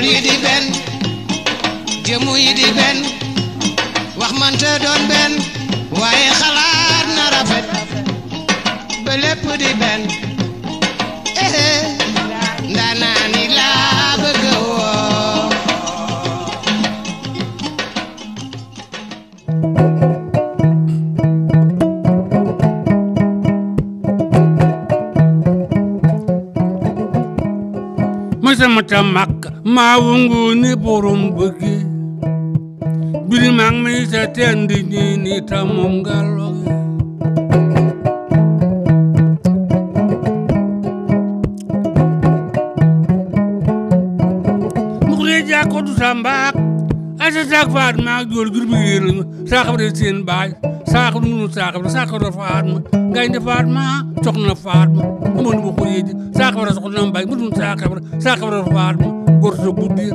xol yi di benn jëmu yi di benn wax mante doon benn waaye xalaat na rafet ba lépp di benn ta makk maa wungu ni borom bëgge birimaŋ mi ta tendi ñii ni ta moom nga loge mukule jaa ko du ta mbaak asa faat maak jool girbi yéer lañu saaxab de seen baay saaxab nu saaxab de saaxab de faat ma gaynde faat maa soxna Faatma amoon na ma ko yéegi saa xabara soxna Mbay mu dun saa xabara saa xabara Faatma góor sa guddir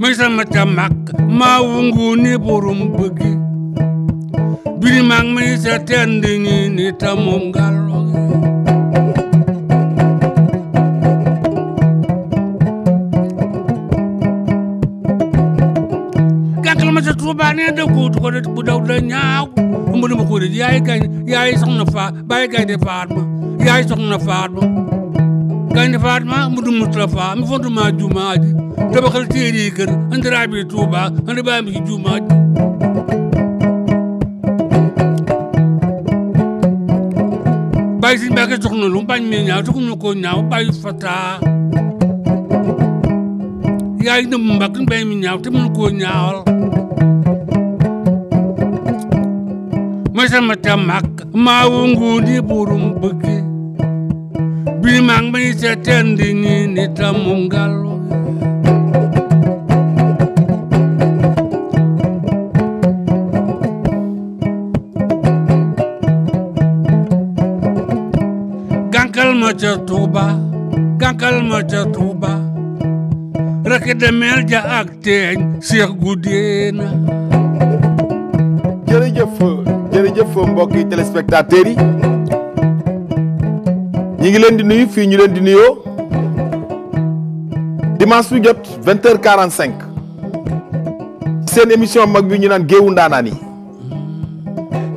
may sama ca màkk maa wungu ni borom bëggi biri maa ngi may sa tend ñi ni ta moom ngal ne da ku ko ku daw da nyaaw mu dum ko di yaay gañ yaay soxna fa baay gañ de faatma yaay soxna faatma gañ de faatma mu dum mutla fa mu fondu ma jumaaji tabaxal téere kër andira bi tuuba andi baam ci jumaaji baay si mbake soxna lu bañ me ñaaw tukum ko ñaaw baay fata yaay dum mbak bañ mi ñaaw te mun ko Masa macam mak ngundi burung begi bimang mai ta tandini ni gangkal mungalo gankal ma ta tuba gankal ma ta tuba rek demel ja ak jërëjëf mbokki téléspectateurs yi ñi ngi leen di nuyu fii ñu leen di nuyoo dimanche bu jot vingt heures cinq seen émission mag bi ñu naan géewu ndaanaan yi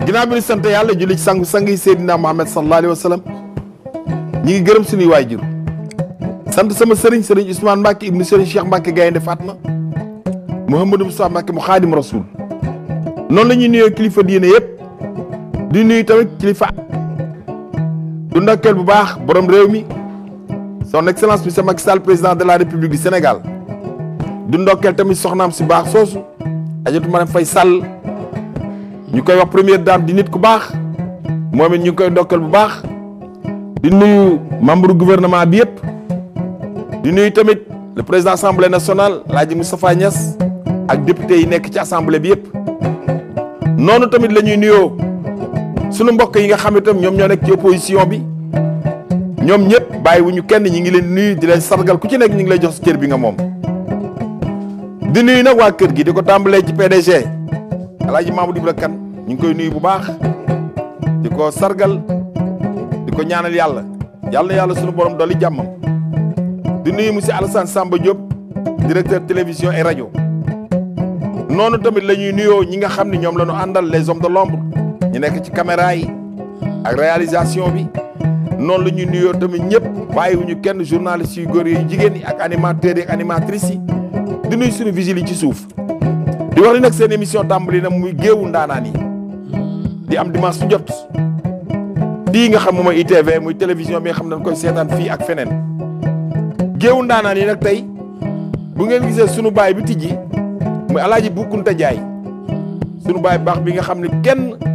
ginnaaw bi ñu sant yàlla julli ci sangu sang yi Seydina Mohamed sallallahu alayhi wa sallam ngi gërëm suñuy waajur sant sama sëriñ sëriñ Ousmane Mbacke ibnu sëriñ Cheikh Mbacke Gaynde Fatma Mouhamadou Moustapha Mbacke mu xaadim rasul noonu la nuyoo kilifa diine yëpp di nuyu tamit kilifa du ndokkeel bu baax borom réew mi son excellence monsieur Macky Sall président de la république du Sénégal du ndokkeel tamit soxnaam si baax soosu ajatu Marème Faye Sall ñu koy wax première dame di nit ku baax moom it ñu koy ndokkeel bu baax di nuyu membre gouvernement bi yépp di nuyu tamit le président assemblée nationale Laaji Moustapha Niass ak député yi nekk ci assemblée bi yépp noonu tamit la ñuy nuyoo. sunu mbokk yi nga xam itam ñoom ñoo nekk ci opposition bi ñoom ñëpp bàyyiwuñu kenn ñi ngi leen nuyu di leen sargal ku ci nekk ñi ngi lay jox sa bi nga moom di nuyu nag waa kër gi di ko tàmbalee ci PDG Alaaji Mamadou Ibra Kane ñu ngi koy nuyu bu baax di ko sargal di ko ñaanal yàlla yàlla na yàlla sunu borom dolli jàmmam di nuyu monsieur Alassane Samba Diop directeur télévision et rajo noonu tamit la ñuy nuyoo ñi nga xam ne ñoom la ñu àndal les hommes de l'ombre ñi nekk ci caméra yi ak réalisation bi noonu la ñuy nuyoo tamit ñëpp bàyyiwuñu kenn journaliste yu góor yi jigéen yi ak animateurs yi ak animatrices yi di nuyu suñu vigiles ci suuf di wax ni nag seen émission tàmbali na muy géewu ndaanaani di am dimanche su jot lii nga xam moom mooy ITV muy télévision bi nga xam dañ koy seetaan fii ak feneen géewu ndaanaan yi nag tey bu ngeen gisee sunu baay bi tijji muy alaaji Boukounta Ndiaye sunu baay baax bi nga xam ne kenn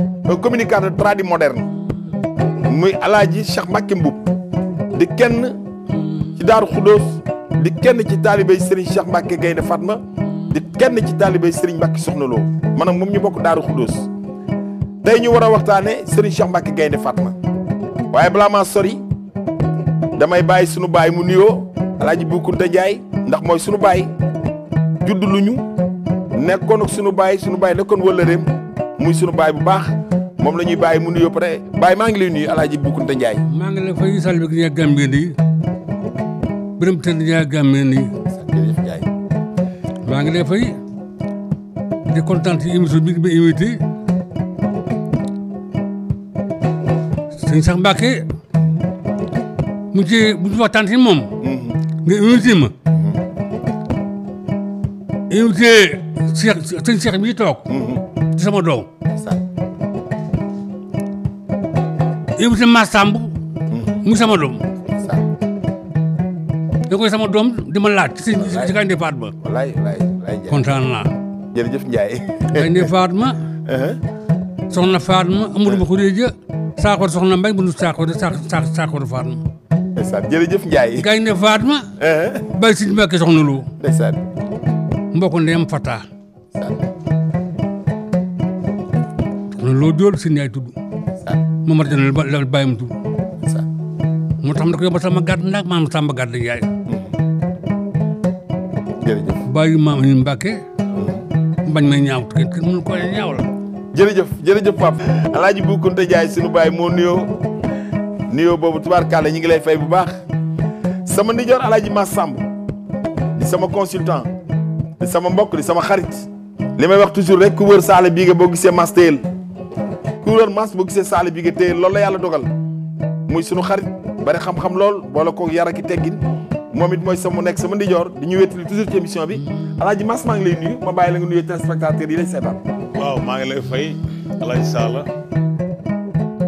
communicateur tradi moderne muy alaaji Cheikh Mbacké Mboup di kenn ci Daaru Xudóos di kenn ci taalibey Serigne Cheikh Mbacké Gaynde Fatma di kenn ci taalibey Serigne Mbacké Soxna Lo maanaam moom ñu bokk Daaru Xudóos day ñu war a waxtaane Serigne Cheikh Mbacké Gaynde Fatma waaye balaa maa sori damay bàyyi sunu baay mu nuyoo alaaji Boukounta Ndiaye ndax mooy sunu baay judd luñu nekkoon ak sunu baay sunu baay nekkoon wëllëreem muy sunu baay bu baax moom la ñuy bàyyi mu nuyoo pare bàyyi maa ngi lay nuyu alaaji Boukounta Ndiaye maa ngi la fay salbi gi ñaa gàmbee nii bërëm tëdd ñaa gàmbee maa ngi lay fay di kontaan ci émission bi ma invité sëñ Cheikh mu ci bu ñu waxtaan moom mm-hmm. nga invité ma mm-hmm. invité Cheikh sëñ Cheikh bi mm-hmm. sama doom yóbbu si ma sàmb mm. mu sama doom da koy sama doom di ma laaj ci ci Gaynde Fatma kontaan naa jërëjëf Ndiaye Gaynde Fatma uh-huh. soxna Fatma amul ma uh-huh. ko réeja saakoor soxna mbay bu nu saakoor saa saakoor Fatma ndeysaan jërëjëf Ndiaye Gaynde Fatma uh-huh. bay si Mbàkke soxna Lo ndeysaan mbokk ndeyam Fata Lo Diol si Ndiaye tudd Momar Diagne la la bàyyam tur. moo tax ma ne ko sama gàdd ndax maam Samba gàdd yaay. jërëjëf bàyyi maam yi Mbàkke bañ may ñaaw kenn kenn mënu ko ñaaw la. jërëjëf jërëjëf Pape. El Hadj Bou Kounta Ndiaye baay moo nuyoo nuyoo boobu tubaarkàlla ñu ngi lay fay bu baax sama ndijoor El Hadj Massamb di sama consultant di sama mbokk di sama xarit li may wax toujours rek ku wër saala bii nga boo gisee masteel ku doon mas boo gisee saali bi nga téye lool la yàlla dogal muy sunu xarit bari xam-xam lool boole koog yar ki teggin moom it mooy sa mu nekk sama di ñu wéttali toujours ci émission bi alaaji mas maa ngi lay nuyu ma bàyyi la nga nuyu téléspectateurs yi lay seetaan. waaw maa ngi lay fay alaaji Salla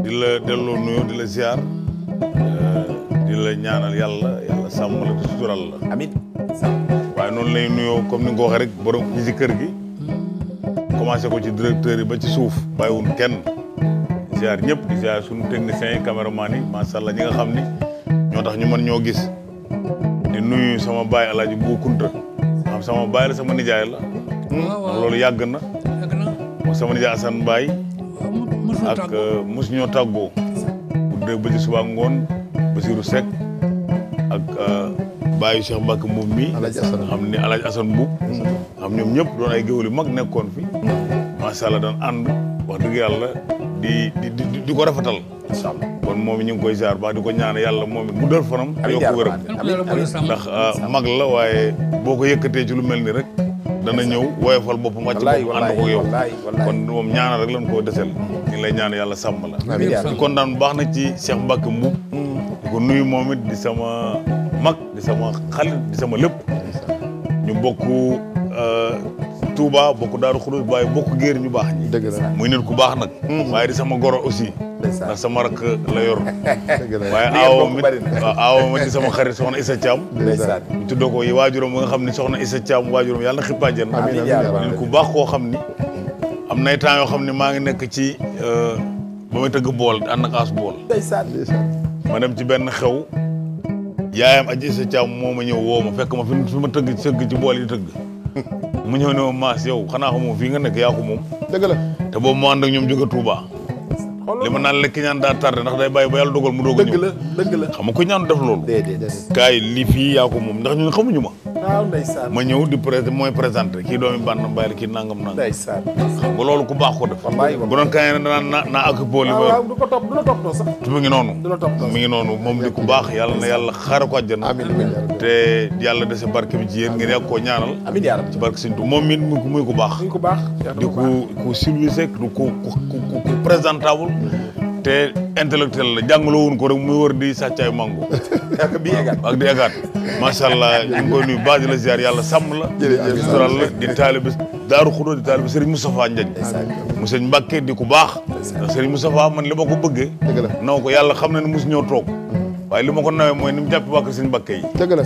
di la delloo nuyu di la ziar euh, la ñaanal yàlla yàlla sàmm la te sutural la. amit waaye noonu lay nuyoo comme ni nga ko waxee rek borom ñi ci kër gi. Mm-hmm. commencé ko ci directeur yi ba ci suuf bàyyiwul kenn. ziar ñep di ziar suñu technicien cameraman yi ma sha allah ñi nga xamni ñotax ñu mën ñoo gis di nuyu sama baay Aladji bu kunta am sama baay la sama nijaay la waaw lolu yag na yag na sama nijaay asan mbaay ak euh, mos ñoo tàggoo bu de bu ci suba ngoon basiru sek ak euh, baayu Cheikh mbak Mboub mi xam xamni alaaji asan Mboub xam ñom ñep doon ay geewul mag nekkon fi ma sha allah daan and wax dëgg yalla di ko rafetal. kon moom ñu ngi koy ziar baax di ko ñaan yàlla moom it mu dal fanam. yokku wéram ndax euh, mag la waaye boo ko yëkkatee ci lu mel ni rek. dana ñëw woyofal boppam wàcc boppam ànd ko yow kon moom ñaanal rek lañ koo desel ñu lay ñaan yàlla sàmm la di kon bu baax na ci Cheikh Mbacke Mbuub di ko nuyu moom it di sama mag di sama xalit di sama lépp ñu bokk Touba bokk Daaru Xudoos waaye bokk géer ñu baax ñi dëgg la muy nit ku baax nag hmm. waaye di sama goro aussi ndax sama rakk la yor waaye aawo mi aawo ma ci sama xarit soxna Issa Thiam ñu tuddoo ko yi waajuram ba nga xam ne soxna Issa Thiam waajuram yàlla na xippaajan nit ku baax koo xam ni am nay temps yoo xam ne maa ngi nekk ci euh, ba may tëgg bool di ànd ak as bool ma dem ci benn xew yaayam aji Issa Thiam moo ma ñëw woo ma fekk ma fi ma tëgg ci bool yi tëgg mu ñëw ne ma maas yow xanaa xamoo fii nga nekk yaa ko moom. dëgg la te boobu mu ànd ak ñoom jóge Touba. li ma naan la ki ñaan daa tardé ndax day bàyyi ba yàlla dogal mu doog a ñëw. dëgg la dëgg xam nga ku ñaan def loolu. déedéet déedéet. kaay li fii yaa ko moom ndax ñun xamuñu ma. waaw ndeysaan ma ñëw di pré mooy présenté kii doomi bànn mbay ki nangam nangam. ndeysaan xam nga loolu ku baax ko def. wallaay bu doon na naa naa ak booli. Ah, waaw mi ngi noonu. du mi ngi noonu moom di ku baax yàlla na yàlla xaaral ko àjjana. amiin te yàlla dese barke bi ci yéen ngeen koo ñaanal. amiin yaa ci barke Sëñ Tuubaa moom it muy ku baax. ku baax di ku ku civilisé du ku ku ku présentable te intellectuel la jàngaloo ko rek muy wër di sàccaay mango. ak di egaat ak di egaat. macha allah ñu ngi koy baax di la ziar yàlla sàmm la. jërëjëf sural la di taalibe Daaru Xudóo di taalibe Serigne Moustapha Ndiagne. mu sëñ Mbàkke di ku baax. ndax Serigne Moustapha man li ma ko bëggee. dëgg la naw ko yàlla xam na ne mosu ñëw toog. Mm-hmm. waaye li ma ko nawee mooy ni mu jàpp waa kër yi. dëgg la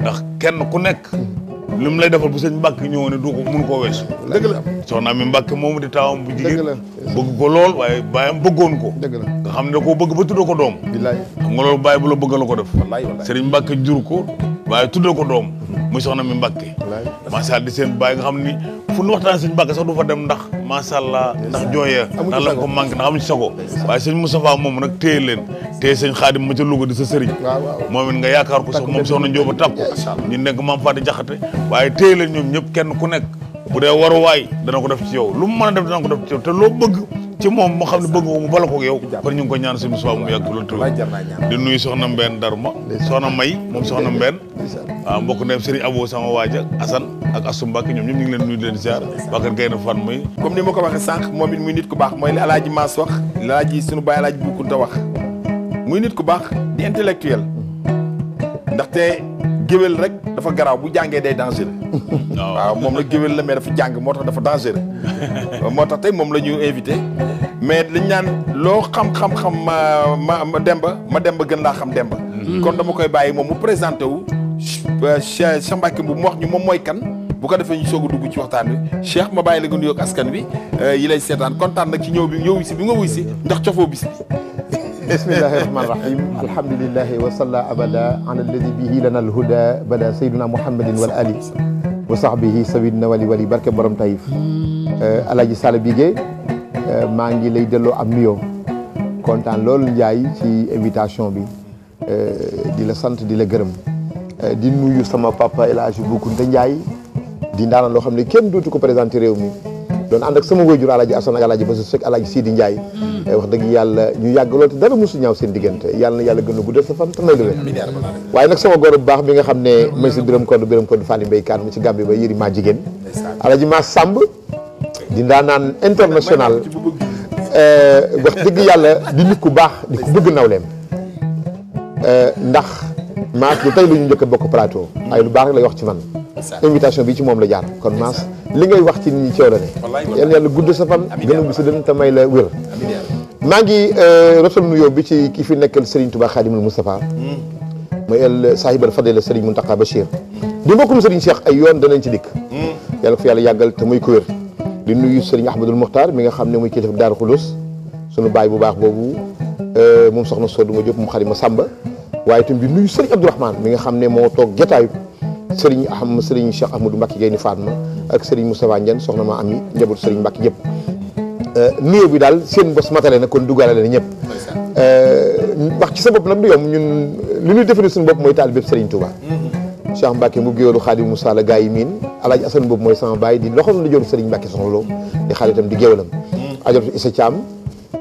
ndax kenn ku nekk. Mm-hmm. lu mu lay defal bu sëñ Mbacke ñëwoon ne du ko mun koo weesu. dëgg la soxna mi Mbacke moomu di taawam bu jigéen. bëgg ko lool waaye baayam bëggoon ko. dëgg la nga xam ne koo bëgg ba tuddoo ko doom. bilaay xam nga loolu baay bu la bëgg la ko def. wallaay wallaay sëriñ Mbacke jur ko waaye tuddoo ko doom. muy soxna mi Mbàkke macha allah di seen baay nga xam ni fu nu waxtaan sëñ Mbàkke sax du fa dem ndax macha allah ndax jooya ndax la ko manqué ndax amuñu sago waaye sëñ Moustapha moom nag téye leen téye sëñ Xaadim ma di sa sëriñ moom it nga yaakaar ko soxna Njóoba tàkku ñu nekk maam Faati Jaxate waaye téye leen ñoom ñëpp kenn ku nekk bu dee war waay dana ko def ci yow lu mu mën a def dana ko def ci yow te loo bëgg ci moom moo xam ne bëgg mu bala ko yow kon ñu ko ñaan suñu suba mu yàgg loolu tëw di nuyu soxna Mbène Darma soxna May moom soxna Mbène waaw mbokk ndem Serigne Abo sama waaja Assane ak Assou Mbacke ñoom ñoom ñu ngi leen nuyu di leen ziar Bakar Gaye na Fan muy comme ni ma ko waxee sànq moom it muy nit ku baax mooy li alaaji Maas wax li alaaji suñu baay alaaji Boukounta wax muy nit ku baax géwél rek dafa garaaw bu jàngee day dangereux waaw moom la géwél la mais dafa jàng moo tax dafa dangereux moo tax tey moom la ñu invité mais liñ naan loo xam-xam-xam ma ma demba ma demba gën laa xam demba mm-hmm. kon dama koy bàyyi moom mu présenté wu euh, Cheikh Mbacké Mbuub mu wax ñu moom mooy kan bu ko defee soog dugg ci waxtaan wi Cheikh ma bàyyi la nga askan wi euh, yi lay seetaan kontaan nag ci ñëw bi ñëw si bi nga wuy si ndax cofoo bis bi بسم الله الرحمن الرحيم الحمد لله وصلى أبدا عن الذي به لنا الهدى بدا سيدنا محمد والآل وصحبه سيدنا ولي ولي بركة برم طيف على أه، جسال بيجي أه، ما عندي لي دلو أميو كنت عن لول جاي في إنفيتاشن بي أه، دي لسانت دي لغرم دي نويو سما بابا إلى أجيبو كنت جاي دي نانا لو خمني كم دوتو كو بريزانتي ريومي doon ànd ak sama wayjur alaaji Asan ak alaaji Basu Sekk alaaji Sidi Ndiaye eh, wax dëgg yàlla ñu yàgg lool te dara mosu ñaaw seen diggante yàlla na yàlla gën a guddal sa fan te nag la waaye nag sama góor bu baax bi nga xam ne may si biram kodd biram kodd Faly Mbaye Kane mu ci Gambie ba yëri maa jigéen alaaji maa Samb di naan international eh, wax dëgg yàlla di nit ku baax di ku bëgg nawleem eh, ndax maak lu tey lu ñu njëkk bokk plateau ay lu baax lay wax ci man invitation bi ci moom la jaar kon maas li ngay wax ci nit ñi ci yow la ne yal yàlla gudd sa fan gën a gis dën te may la wér maa ngi euh, rotal nuyoo bi ci ki fi nekkal Serigne Touba Khadimul Moustapha mooy hmm. el euh, saahibal fadila Serigne Mountakha Bachir di mbokkum Serigne Cheikh ay yoon danañ ci dikk hmm. yàlla ko fi yàlla yàggal te muy ko wér di nuyu Serigne Ahmadul Muxtaar mi nga xam ne muy kilifa Daaru Xulus sunu baay bu baax boobu euh, moom soxna Sodou ma Diop mu xarit ma Samba waaye itam bi nuyu Serigne Abdourahmane mi nga xam ne moo toog jataayu sëriñ aham sëriñ du Ahmadou Mbacke Gaynde Fatma ak sëriñ Moustapha Ndiène soxna ma am yi njabootu sëriñ Mbacke yëpp euh, nuyoo bi daal seen bos matale na kon duggaale na ñëpp euh, wax ci sa bopp nag du yomb ñun li ñuy définir suñu bopp mooy taalibe sëriñ Touba Cheikh Mbacke mu géwélu Xaadimu mu la gaa yi miin alaaji Asan boobu mooy sama baay di loxol la joru sëriñ Mbacke soxna loo di xaalitam di géwélam ajoratu Issa Thiam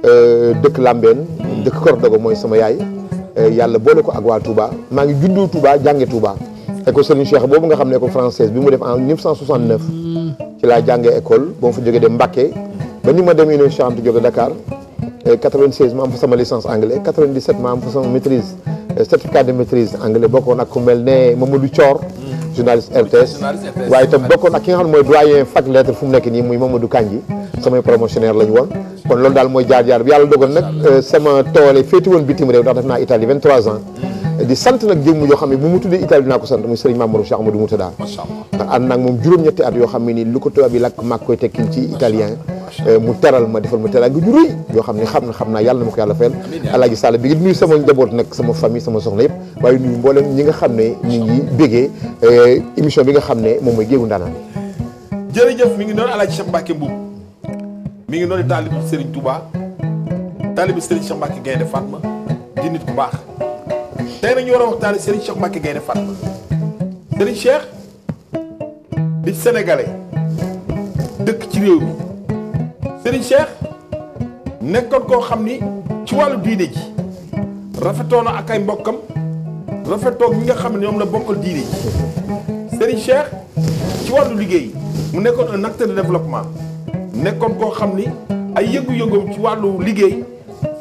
euh, dëkk Lambeen dëkk Kordogo mooy sama yaay yàlla ak waa Touba maa ngi juddoo Touba jànge école Serigne Cheikh bobu nga xamné ko française bi mu def en 1969 ci la jangé école ba ma fa jógee dem Mbacké ba ni ma dem Université chambre Anta Diop de Dakar 96 ma am fa sama licence anglais 97 ma am fa sama maîtrise euh, certificat de maîtrise anglais bokkoon ak ku mel Mamadou Thior journaliste RTS waye itam bokkoon ak ki nga xam moy doyen fac lettre fu mu nekk nii muy Mamadou Kandji sama promotionnaire lañ won kon lool dal moy jaar jaar bi yàlla dogal nak euh, sama tolé féeti woon bitim rew ndax def na Italie 23 ans di sant nag jëmm yoo xam ne bu mu tuddee Italie dinaa ko sant muy Serigne Mamour Cheikh Amadou Moutada ndax ànd naag moom juróom-ñetti at yoo xam ne nii lu ko tubaab yi lakk maag koy tekkil ci italien euh, mu teral ma defal ma teral nga ju yoo xam ne xam na xam naa yàlla na ma ko yàlla fayal alaaji Sall bi ngi nuyu sama njaboot nag sama famille sama soxna nga xam ne ñu ngi euh, bi nga xam ne moom mooy géegu ndaanaan jërëjëf mi ngi noonu alaaji Cheikh Mbacke Mboub mi ngi noonu taalib Serigne Touba taalib Serigne Cheikh Mbacke Gaynde Fatma di nit ku baax tey ñu war a waxtaanee Serigne Cheikh Mbacké gayne Fatma Serigne Cheikh di sénégalais dëkk ci réew mi Serigne Cheikh nekkoon koo xam ni ci wàllu diine ji rafetoo na ak ay mbokkam rafetoo ñi nga xam ne ñoom la bokkal diine ji Serigne Cheikh ci wàllu liggéey mu nekkoon un acteur de développement nekkoon koo xam ni ay yëngu-yëngoom ci wàllu liggéey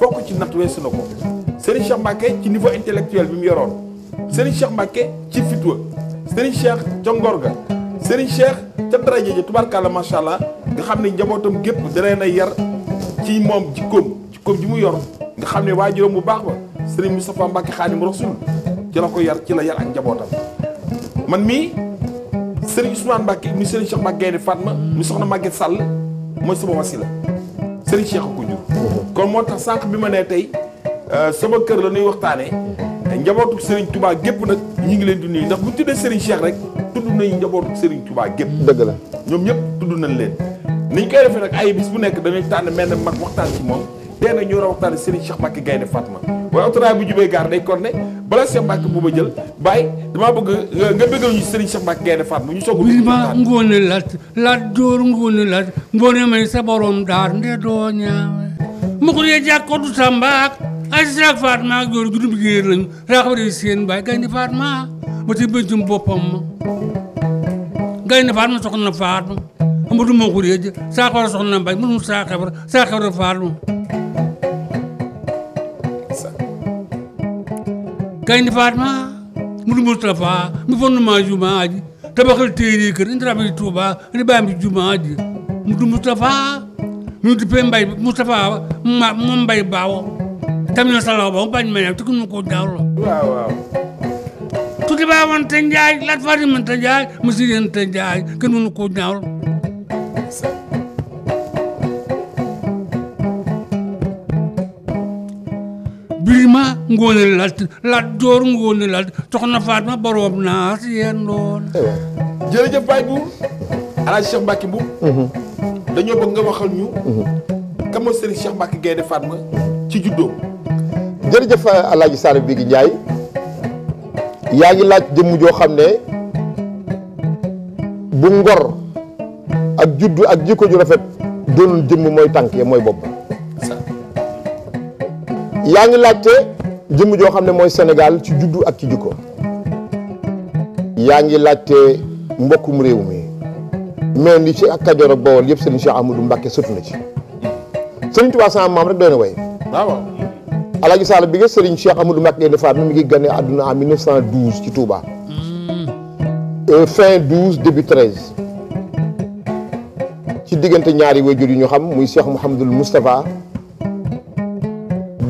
fokk ci natt weesu na ko. Serigne Cheikh mbake ci niveau intellectuel bi mu yoron Serigne Cheikh mbake ci fitwa Serigne Cheikh ca ngor ga Serigne Cheikh ci traje ji tubarkàlla macha allah nga xam ne gep gépp danañ na yar ci kom ci kom ji mu yor nga xam ne mu bax ba Serigne Moustapha mbake Khadim rasul ci la ko yar ci la yar ak njabootam man mi Serigne Ousmane mbake mi Serigne Cheikh mbake ni Fatma mi soxna mbake Sall moy suba wasila Serigne Cheikh ko jur kon moo tax sànq bi ma Euh, sama kër la ñuy waxtaanee njabootu Serigne Touba gépp nag ñu ngi leen di nuyu ndax bu ñu tuddee Serigne Cheikh rek tudd nañu njabootu Serigne Touba gépp dëgg la ñoom ñëpp tudd nañ leen niñ koy defee nag ay bis bu nekk dañuy tànn mel ne mag waxtaan ci moom tey nag ñu war a waxtaan Serigne Cheikh Mbacke Gaynde Fatma waaye autoraay bu jubee gaar day kon ne bala Cheikh Mbacke bu ma jël bàyyi damaa bëgg nga bëggal ñu Serigne Cheikh Mbacke Gaynde Fatma ñu soog wi ma ngoone lat lat joor ngoone lat ngoone may sa borom daar nde doo ñaawe mu Aziz ak Fatma ak góor gu dugub gi yër lañu raxabare seen baay gaynde Fatma boppam ma gaynde Fatma soxna Fatma amatu ma ko réer saa xabar soxna Mbaye mënu saa xabar saa xabar Fatma gaynde Fatma mënu Mustafa mi fonn ma jumaa bi jumaa ji mënu Mustafa mu di pe Mbaye Mustafa ma moom Mbaye Baawo damñosaloo ba mu bañ ma ne tukun ma ko jawlo waaw waaw tuuti baa woon njaay laat fati mën te njaay masiren te njaay kenn mënu ko ñaawlo birima ngoone lat lat joor ngoone lat soxna Fatma boroom naa si yeen doon jërëjëf Baye Bour Alaaji Cheikh Mbacke Mbour mhm. dañoo bëgg nga waxal ñu mhm. kamo Serigne Cheikh Mbacke Gaynde Fatma ci juddoo jërëjëf euh, Alaaji Salim Bigui Ndiaye yaa ngi laaj jëmm joo xam ne bu ngor ak juddu ak jikko ju rafet doonul jëmm mooy tànk ya mooy bopp yaa ngi laajte jëmm joo xam ne mooy Sénégal ci juddu ak ci jikko yaa ngi laajte mbokkum réew mi mais li ci ak Kajoor ak Bawol yëpp Serigne Cheikh Ahmadou Mbacké sotti na ci Serigne Touba sama maam rek doy way Alaaji Sall bi nga Serigne Cheikh Amadou Mbacké Gaïndé Fatma mi ngi gane àdduna en 1912 ci Touba. Hmm. Euh, fin 12 début ci diggante ñaari wayjur yu ñu xam muy Cheikh Mouhamadul Moustapha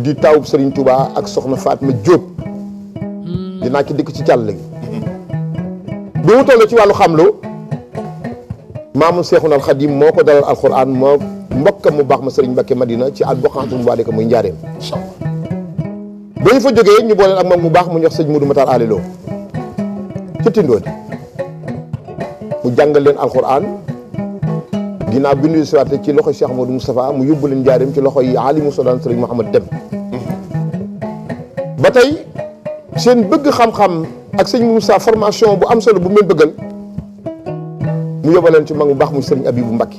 di tawub sëriñ Touba ak Soxna Fatma Diop. Hmm. dinaa ci dikk ci càll gi. bi mu toll ci wàllu xamlu maamu Seexunal Xadim moo ko dalal alxuraan moo mbokk mu baax ma Serigne Mbacké Madina ci albuqaatum waa dëkk muy njaareem. ba ñu fa jógee ñu booleel ak moom mu baax mu ñox sëñ Modou Matar Alilo ci Tindodi mu jàngal leen alxuraan ginnaaw bi ñu siwaate ci loxo Cheikh Modou Moustapha mu yóbbu leen njaarim ci loxo yi alimu sodan sëriñ Mouhamad Dem ba tey seen bëgg xam-xam ak sëñ Moussa formation bu am solo bu mu leen bëggal mu yóbbaleen ci mag mu baax mu sëriñ bu Mbacke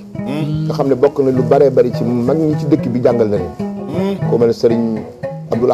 nga xam ne bokk na lu bëree bëri ci mag ñi ci dëkk bi jàngal na leen hmm. ku mel ne sëriñ Abdoul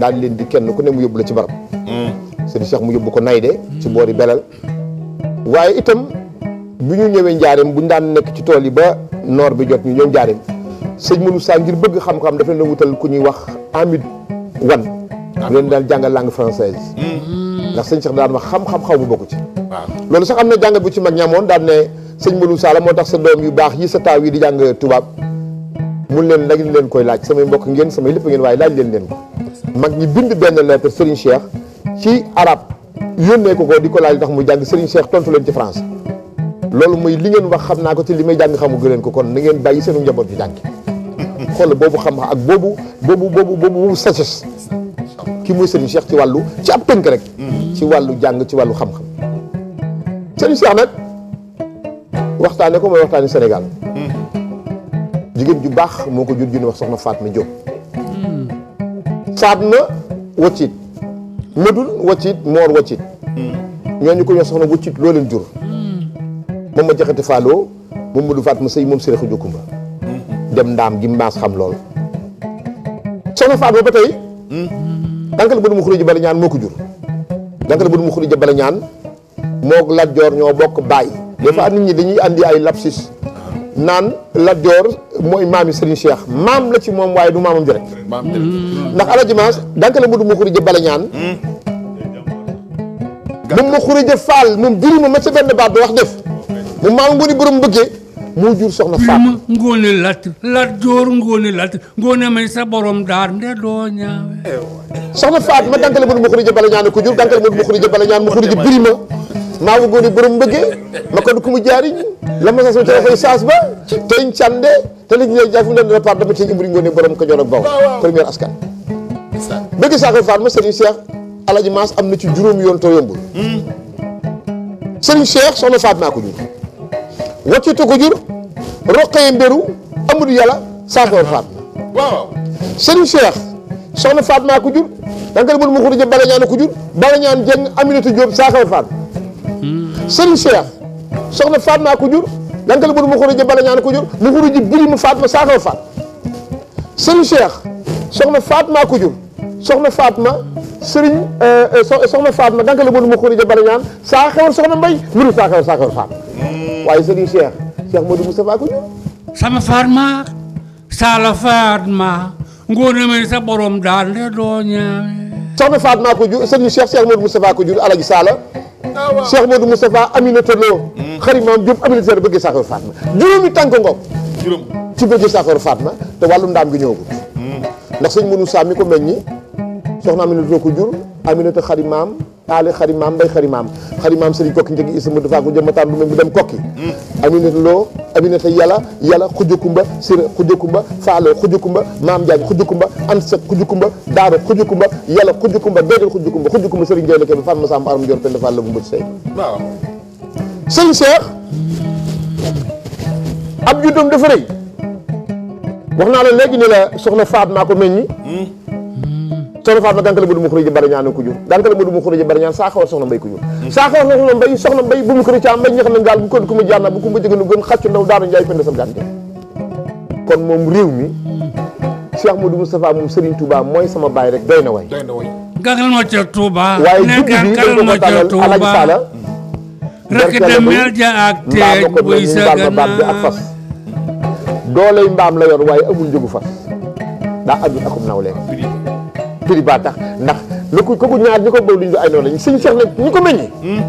daal di leen di kenn ku ne mu yóbbu la ci barab. Mm. sëriñ Cheikh mu yóbbu ko Nayde. ci boori Belal. waaye itam bu ñu ñëwee njaareem bu ñu daan nekk ci tool yi ba noor bi jot ñu ñëw njaareem sëñ Manoune Sarr ngir bëgg xam-xam dafa leen ku ñuy wax Amid Wan. bu ah. daal jàngal langue française. Mm. ndax sëñ Cheikh daan wax xam-xam xaw bu bokk ci. waaw loolu sax am na jàng bu ci mag ñamoon daan ne sëñ Manoune Sarr moo tax sa doom yu baax yi sa taaw yi di jàng tubaab mun leen dañ leen koy laaj samay mbokk ngeen samay lépp ngeen waaye laaj leen leen ko mag ñi bind ben lettre Serigne Cheikh ci arab yone ko ko diko laaj tax mu jang Serigne Cheikh tontu len ci France loolu muy li ngeen wax xamna ko te limay jang xamu gëleen ko kon na ngeen bayyi seenu njabot di jang xol bobu xam ak bobu bobu bobu bobu sagesse ki moy Serigne Cheikh ci walu ci ap teunk rek ci walu jang ci walu xam-xam Serigne Cheikh nak waxtane ko moy waxtane senegal hmm. jigéen ju bax moko ko jur ju wax soxna Fatma Diop chatna waccit modul waccit mor hmm. ñoo ñu ko ñoo soxna waccit lo leen jur mom ma jaxati faaloo mom ma fatma sey mom sëy jukuma hmm. dem ndam gi mbass xam lol sama faatma ba tey hmm. dankal bu mu xuriji bala moko jur dankal bu mu xuriji bala mok la jor ñoo nit ñi dañuy andi ay lapsus naan Lat Joor mooy maami Serigne Cheikh maam la ci moom waaye du maamam direct mm. ndax Alaaji Maas danka la mu du ma xurije bala ñaan mm. moom ma moom birima ma ca benn baat wax def mu maam ngooni borom bëggee moo jur soxna Faat ngoone lat Lat Joor ngoone lat ngoone may sa borom daar nde doo ñaawe soxna Faat ma danka la mu du ma xurije bala ñaan ko jur danka la mu du ma xurije bala ñaan ma xurije birima maamu góoni borom mbëggee makkon ko mu jaariñ lama sa so tele koy saas ba teñ cande tele ñi jafu len repart dama teñ imri ngone borom ko jorok baw premier askan bëgg saa ko faat ma Serigne Cheikh Alaji Maas am na ci juróom yoon too yombul hmm. Serigne Cheikh soxna Fatma ko jur waccuto ko jur roqee mberu amadou yàlla saakoor Fatma waaw Serigne Cheikh soxna Fatma ko jur danga mën mu xuruja bala ñaan ko jur bala ñaan jeng Aminata Diop saakoor Fatma sëriñ Cheikh soxna Fatma ko jur danga la bëgg mu xuruji bala ñaan ko jur mu xuruji biri mu Fatma saakama faat sëriñ Cheikh soxna Fatma ko soxna Fatma sëriñ euh, soxna Fatma danga la bëgg mu xuruji bala ñaan saa xewar soxna Mbay mbiru saa xewar saa xewar Fatma waaye sëriñ Cheikh Cheikh Modou Moustapha ko jur sama Fatma sala Fatma ngóone may sa borom daal de doo ñaawe soxna Fatma ko jur sëriñ Cheikh Cheikh Modou Moustapha ko jur alaji Cheikh Modou Moustapha Aminata Lo xarit maam Diop Aminata Lo bëgg Saxoor Fatma juróomi tànk ngoog juróom ci bëgg Saxoor Fatma te wàllum ndaam gi ñëwagul hmm. ndax sëñ Modou Sam ko meññi soxna Aminata Lo ko jur Aminata xarit maam ale xari bay mbay xari maam kokki njëgi isa mu ko jëma tam bu dem kokki aminata loo aminata yàlla yàlla xujukumba sir xujukumba faalo xujukumba mam jaj xujukumba ansa xujukumba daaro xujukumba yàlla xujukumba doodal xujukumba xujukumba sëriñ jay ke fam sam param jor pen dafa la bu mbët sey waaw sëriñ Cheikh ab juddum dafa rëy wax la léegi ne la soxna Faat ko meññi soxna Fatou dànkale bu du mu xuruji bari ñaan ko jur dànkale bu du mu xuruji saa xawar soxna mbay ko jur mm. saa xawar soxna mbay soxna mbay bu mu xëri caa mbay ñi xam ne gaal bu ko ku mu jaana bu ko mu jëgënu gën ndaw daanu njaay pende sam daan kon moom réew mi Cheikh Modou Moustapha moom Serigne Touba mooy sama baay rek doy na way doy na way gàngal moo ca Touba waaye jubbi bi dañ ko ma tànnal alaji saala rek mel ja ak teej buy mbaam la yor waaye amul njëgu fas daa aju akum nawle prix ba tax ndax lu ko kooku ñaar ñi ko boobu duñ ay noonu lañ sëñ nag ñu ko meññi. Hmm.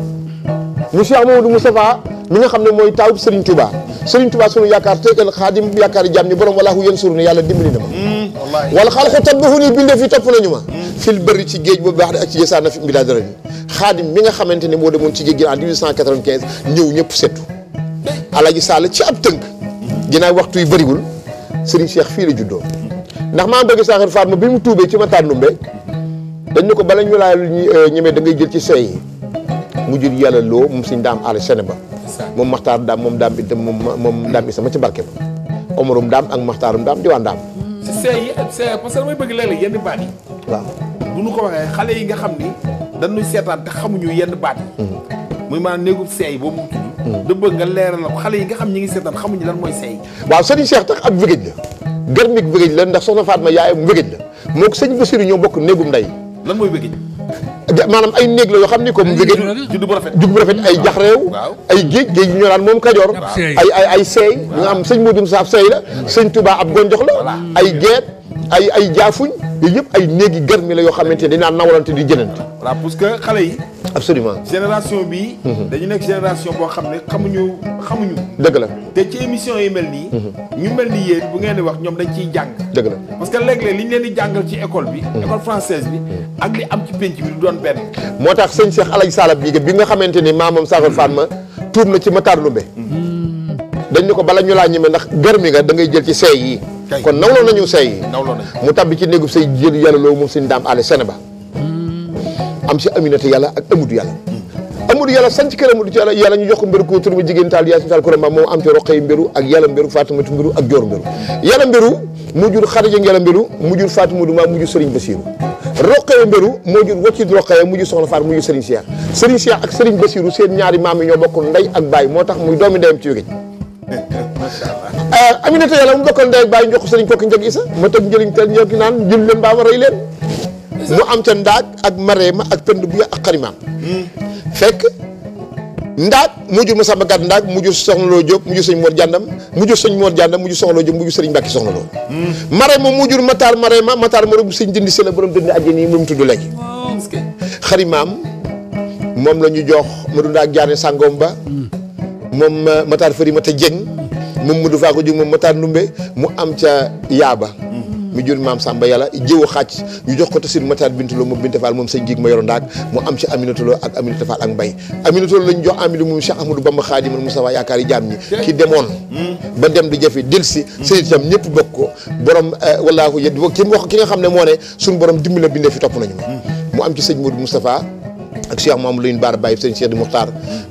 monsieur Amadou Moustapha mi nga xam ne mooy taawub Serigne Touba Serigne Touba sunu yaakaar teekal xaadim yaakaar jàmm ñi borom walaahu yéen suur ne yàlla dimbali na ma. Hmm. wallaahi wala ma. Hmm. fil bëri ci géej bu baax de ak ci yéesaan na fi mbila dara ni xaadim mi nga xamante ne moo demoon ci géej gi en 1895 ñëw ñëpp setu Alaaji la ci ab tënk. ginnaaw waxtu yu bëriwul Serigne Cheikh fii la juddoo ndax maam bëgg saaxir Fatma bi mu tuubee ci ma be. dañ ñuko ko bala ñu laa ñëmé euh, da ngay jël ci sey mu jël yalla lo mu suñ daam aale sene mom moom maxtaar mom dam daam itam mom moom daam isa ma ci barké omarum daam ak maxtaarum daam diwaan daam ci sey ak eh, sey parce que damay bëgg léeg-léeg yenn baat yi waaw bu nu ko waxee yi nga xamni dañ ñu seetaan te xamuñu yenn baat yi mm-hmm. muy maanaam néegub sey bo mu tudd mm-hmm. da bëgg nga leeral yi nga xam ñi ngi seetaan xamuñu lan moy sey waaw sëriñ Cheikh tax ak vigëj la garmik wérij la ndax soxna Fatma yaayam wérij la moo ko sëñ Basiru ñoo bokk néegum ndey lan mooy wérij maanaam ay néeg la yoo xam ni ko wérij juddu bu rafet juddu bu rafet ay jax ay géej géej ñoo naan moom Kajoor ay ay ay seey nga am sëñ Modou Saaf seey la sëñ Touba ab gonjox la ay geet ay ay jaafuñ yooyu yëpp ay néegi garmi la yoo xamante ne dinaa nawlante di jënante voilà parce que xale yi absolument génération bi mhm. dañu nekk génération boo xam ne xamuñu xamuñu dëgg la te ci émission yi mel nii mhm. ñu mel ni yéen bu ngeen di wax ñoom dañ ciy jàng dëgg la parce que léeg li ñu leen di jàngal ci école bi mhm. école française bi ak li am ci penc bi du doon benn moo tax sëñ Cheikh Alaaji Sall bi bi nga xamante ni maamam Sakho Fatma tuub na ci Matar Lumbe dañ ne ko bala ñu laa ñeme ndax garmi nga da ngay jël ci seey yi kon nawloo nañu sey mu tàbbi ci néegub sey jël yàlla loolu moom sëñ daam àlle Sénégal am si aminata yàlla ak amadou yàlla amadou yàlla sant kër amadou yàlla yàlla ñu jox ko mbéru ko tur mu jigéen taal yaasin taal kurama moom am ci roqe yi mbéru ak yàlla mbéru fatimatu mbéru ak joor mbéru yàlla mbéru mu jur xarija mu jur fatimatu ma mu jur sëriñ basiiru roqee mbéru moo jur wacci roqee mu jur soxna faat mu jur sëriñ seex sëriñ seex ak sëriñ basiiru seen ñaari maam yi ñoo bokk ndey ak baay moo tax muy doomi ndeyam ci wégeñ macha allah Aminata yàlla mu bokkal ndey bàyyi njox sëriñ kooku njëg isa ma tëb njëriñ te ñëw naan jëm baa ma rey leen mu am ca ndaag ak ma ak pënd bu ya ak xarimaam fekk ndaag mujj ma sàmba gàtt ndaag mujj soxna loo jóob mujj sëñ moor jàndam sëñ moor jàndam mujj soxna loo jóob mujj sëriñ mbàkki soxna ma mareema mujjur mataar ma mataar mareema bu sëñ dindi si la borom dindi àjjani yi mu tudd léegi xarimaam moom la jox ma dundaa jaane sàngoom ba moom euh, Matar Farimata Dieng moom Modou Faako Dieng moom Matar Ndumbe mu am ca Yaaba mi mm. jur maam Samba yàlla jiwu xàcc ñu jox ko tasir Matar Bintuloo moom Binta Fall moom sëñ Jig ma yoro ndaak mu am ci Aminata Lo ak Aminata Fall ak Mbay Aminata Lo lañ jox Amidou moom Cheikh Ahmadou Bamba Xaadimu Mustafaa yaakaar yi jaam ñi ki demoon mm. ba dem di jafe dil si mm. seen itam ñëpp bokk ko borom euh, wallaahu yëdd ki wax ki nga xam ne moo ne suñu borom dimbali bindee fi topp nañu ma am ci sëñ Modou Moustapha ak Cheikh Mamadou Lamine Bar Baye sëñ Cheikh di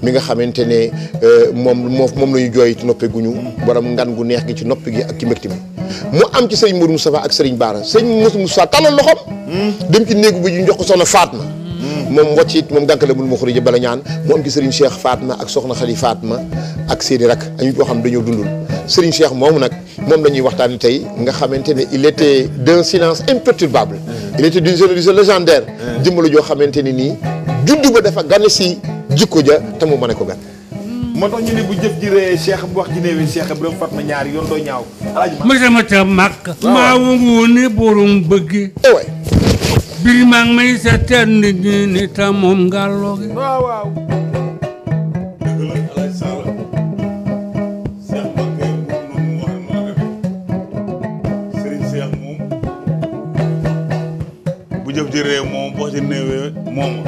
mi nga xamantene euh mom moom la ñu ci noppe guñu borom ngan gu neex gi ci noppi gi ak ci mbégte mi mu am ci sëñ Modou Moustapha ak sëriñ Bara sëñ Moustapha talal loxom dem ci neegu bi ñu jox ko soxna Fatma mom wàcc mom moom gànkale mul ma xurije bala ñaan mu am ci sëriñ Cheikh Fatma ak soxna Xali Fatma ak seeni rak ñu koo xam dañu dundul sëriñ Cheikh mom nak mom lañuy waxtane tay nga xamantene il était d'un silence imperturbable il était d'une générosité légendaire dimbalu joo xamantene ni juddu ba dafa gane si jikko ja te mu mën a ko gan moo tax ñu ne bu jëf ji ree cheikh bu wax ji néewee cheikh Ibrahima ma sama eh ta màq maa moom bu jëf ji ree moom wax ji néewee moom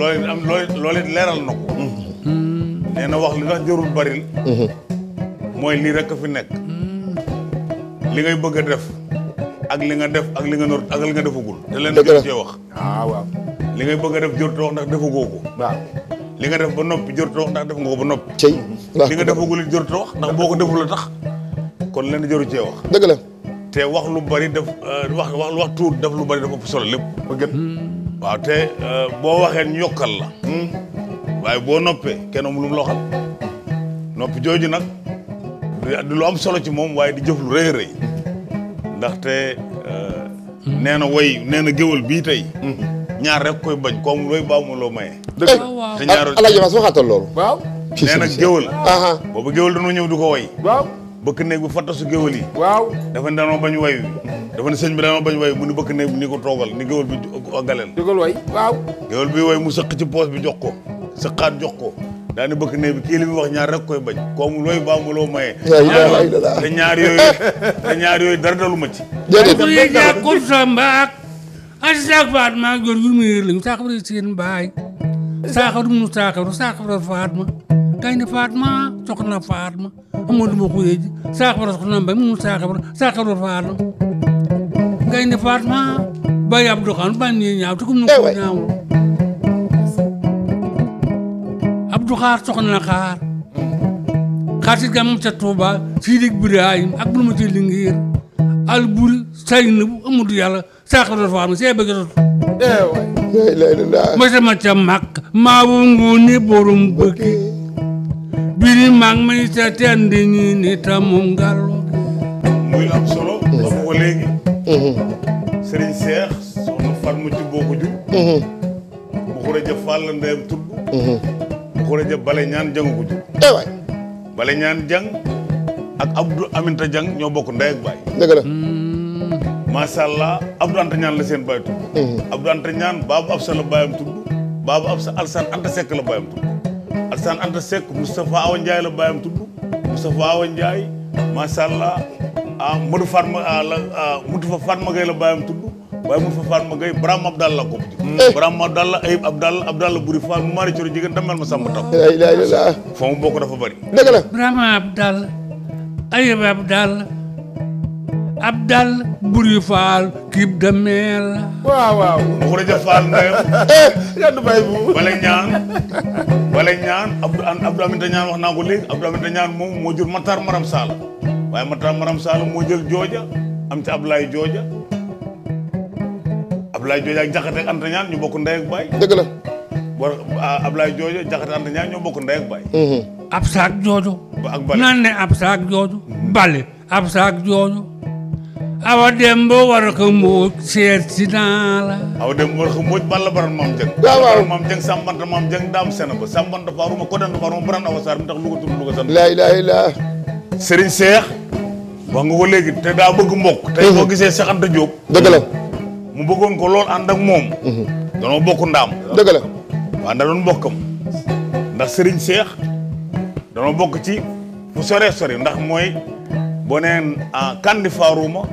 loolee am loolee leeral na ko. nee na wax li tax bari baril mooy lii rek fi nekk. li ngay bëgg a def ak li nga def ak li nga norut ak li nga defagul. te leen jot cee wax. Ah, li ngay bëgg a def jot wax ndax defagoo ko. waaw li nga def ba noppi jot wax ndax def nga ko ba noppi. cey li nga defagul it jot wax ndax boo ko deful la tax kon leen joru cee wax. dëgg te wax lu bari def euh, wax wax tuut def lu bari dafa ko solo lépp. ba waaw te euh, boo waxee ñu yokkal la hmm? waaye boo noppee kenn mu lu mu noppi jooju nag du lu am solo ci moom waaye di jëf lu rëy rëy ndaxte euh, nee na woy nee na géwal bii tey ñaar rek koy bañ ko mu looy baa mu loo maye dëgg oh, te ñaar alaaji Bass waxaatal loolu waaw nee na géwal boobu géwal dañoo ñëw di ko woy bëkk néeg fatta su géwal dafa ne danoo bañ way wi dafa ne sëñ bi danoo bañ way mu ni bëkk néeg bi ni ko toogal ni géwal bi galeel jógal way waaw géwal bi way mu sëq ci poos bi jox ko sëqaat jox ko daa ne bëkk néeg bi kii li muy wax ñaar rek koy bañ koo amul way baa amuloo maye te ñaar yooyu te ñaar yooyu dara dalu ma ci jërëjëf jàkul sa mbaak asi saak faat maa góor yu mu réer lañu saaxabara seen baay faat ma gaynde Fatma soxna Fatma Amadou ma xuyee ji saakabara soxna Mbay mu saakabara saakabara Fatma gaynde Fatma bay Abdou Khan ban ni ñaaw te kum nu ko eh ñaawul Abdou Xaar soxna Xaar xaasit gam ca Touba Sidi Ibrahim ak bu ma ci Linguère Albouri Saynabu Amadou yàlla saakabara Fatma see bëgg mooy sama ca mag maa wu nguuni borom bëgg biri maa ngi may seetaan di ñii ni ta moom ngàllo muy la am solo xam mm-hmm. nga léegi mm-hmm. sëriñ Seex soxna Fat mu ci boo ko jur mm-hmm. bu xuraja Fall la ndeyam tudd bu xuraja bale ñaan jàng ko jur waay bale ñaan jàng ak Abdou Aminta jàng ñoo bokk ndey ak baay dëgg la mm. Anta ñaan la seen baay tudd Abdou Anta ñaan baabu ab sa la baayam tudd baabu ab sa alsan Anta Seck la baayam tudd Alassane Anta Seck Moustapha Awa Ndiaye la bàyyam tudd Moustapha Awa Ndiaye macha allah ah Modou Fatma ah, la ah, Moustapha Fatma Gueye la bàyyam tudd waaye Moustapha Fatma Gueye Brahma Abdallah ko tudd eh. eh. Brahma Abdallah Ayib Abdallah Abdallah Buri Fall mu mari coro jigéen damel ma sàmm tam fa mu bokk dafa bëri dëgg la Abdallah Ayib Abdallah Abdal Bourifal buri faal kib da meel waaw waaw xurija faal ndayam yandu bay bu wala ñaan wala ñaan abdou an abdou amin da wax na ko léegi abdou amin da ñaan mo jur matar maram sall waye matar maram sall mo jël jooja am ci Abdoulaye jooja Abdoulaye jooja ak jaxate ak anta ñaan ñu bokku nday ak bay Deug la Abdoulaye ablaye jaxate anta ñaan ñu bokku nday ak bay mm-hmm. ab saak jooju ak bale naan ne ab saak jooju mm-hmm. bale ab saak jooju awa dembo war kemut mut sinala awa dembo war kemut bala balla mam jeng bala mam jeng mam jeng dam sena Sampan sambant faruma dan faruma peran awa sar mi tax lugo tum lugo san la ilaha illa serin seh ba nga ko legi gitu. te da bëgg mbokk tay mhm. bo gisee saxanta mhm. job deug mu mom mhm. dan bokku ndam deug la wa da bokum bokkam ndax serigne cheikh dañoo bokk ci fu sore moy bonen ah, kan di faruma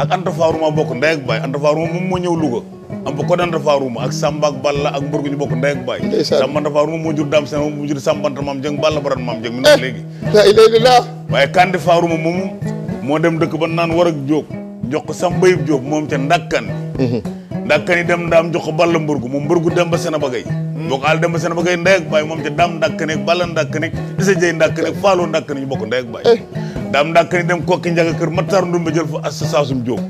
ak anta faruma bokk ndey ak bay anta faruma mo moo ñëw Louga am ba ko dan faruma ak Samba ak Balla ak Mbour ñu bok ndey ak bay Samba anta faruma jur dam sama mo jur Samba mam Jeng Balla baran mam Jeng mi eh, legi la ilaha illallah waaye kandi faruma moom mo dem dekk ba nan war ak jog jox ko sam yib jog mom te ndakkan mhm. ndakkan yi dem ndaam jox ko Balla Mbourgu moom Mbourgu dem ba sene Bagay mhm. boo ko dem ba seen ba ndey ak bay mom te dam ndàkk balla ndàkk nekk isa jëy ndàkk nekk ñu bok ndey ak bay eh. daam ndàkk ni dem kokki njaga kër Matar Ndumbe jël fa as sa saasum jóob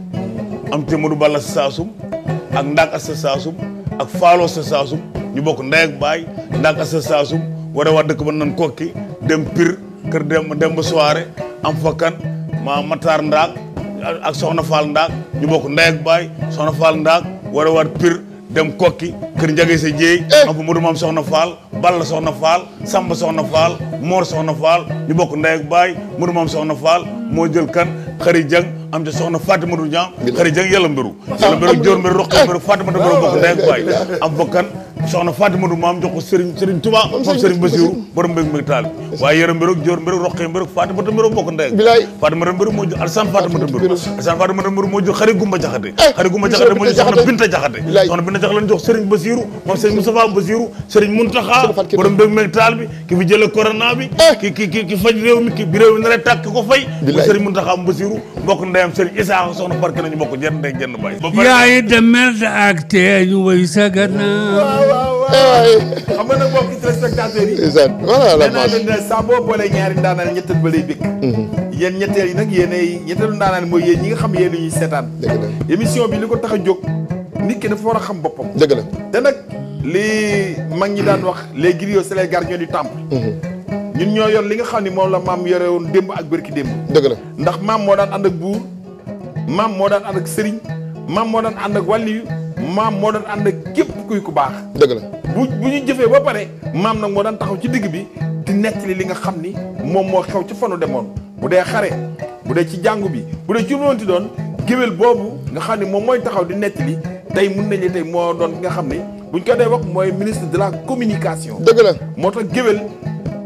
am te Modou Balla sa ak ndaak as ak faaloo sa ñu bokk ndey ak baay ndaak as sa saasum war a wax dëkk ba nan kokki dem pir kër dem ba soirée am fa ma Matar ndaak ak soxna Fall ndaak ñu bokk ndey ak baay soxna Fall ndaak war pir dem kokki kër njage sa jéey eh! am fa Modou maam soxna Fall Balla Soxna Fall Samba Soxna Fall Mor Soxna Fall ñu bokk ndey ak baay Mourou Mame Soxna Fall moo jël kan xari am ci soxna fatimatu ñam xari jang yalla mbiru jor mbiru rokk mbiru fatimatu mbiru bokk day ak am bokkan soxna fatimatu mam jox serigne serigne touba mom serigne bassirou borom mbek mbek tal waye yaram mbiru jor mbiru rokk mbiru fatimatu mbiru bokk ndey fatimatu mbiru mo ju alsan fatimatu mbiru alsan fatimatu mbiru mo xari gumba jaxate xari gumba jaxate mo ju soxna binta jaxate soxna binta jaxate jox serigne bassirou mom serigne moustapha bassirou serigne muntaha borom tal bi ki fi jël corona bi eh. ki ki ki faj rew mi ki bi rew tak ko fay serigne muntaha bassirou Bassirou mbokk ndeyam Serigne Issa soxna barke nañu mbokk jënd ndey jënd bay. yaay demel ak tey ñu woy sa gannaaw. xam nga nag mbokki téléspectateurs yi. voilà la manche nee naa leen saa boo boolee ñaari ndaanaan ba lay bikk. Mhm. yéen ñetteel yi nag yéenay ñetteelu ndaanaan mooy yéen ñi nga xam yéen ñuy seetaan. émission bi li ko tax a jóg nit ki dafa war a xam boppam. dëgg la te nag li mag ñi daan wax les griots c'est les gardiens temple. Mhm. ñun ñoo yor li nga xam ne moom la maam yore woon démb ak bërki démb dëgg la ndax maam moo daan ànd ak buur maam moo daan ànd ak sëriñ maam moo daan ànd ak wàlliyu maam moo daan ànd ak képp kuy ku baax dëgg la bu bu ñu jëfee ba pare maam nag moo daan taxaw ci digg bi di nettali li li nga xam ni moom moo xew ci fanu demoon bu dee xare bu dee ci jàngu bi bu dee ci mënti doon géwél boobu nga xam ne moom mooy taxaw di nettali tey mun nañu tey moo doon ki nga xam ne buñ ko dee wax mooy ministre de la communication dëgg la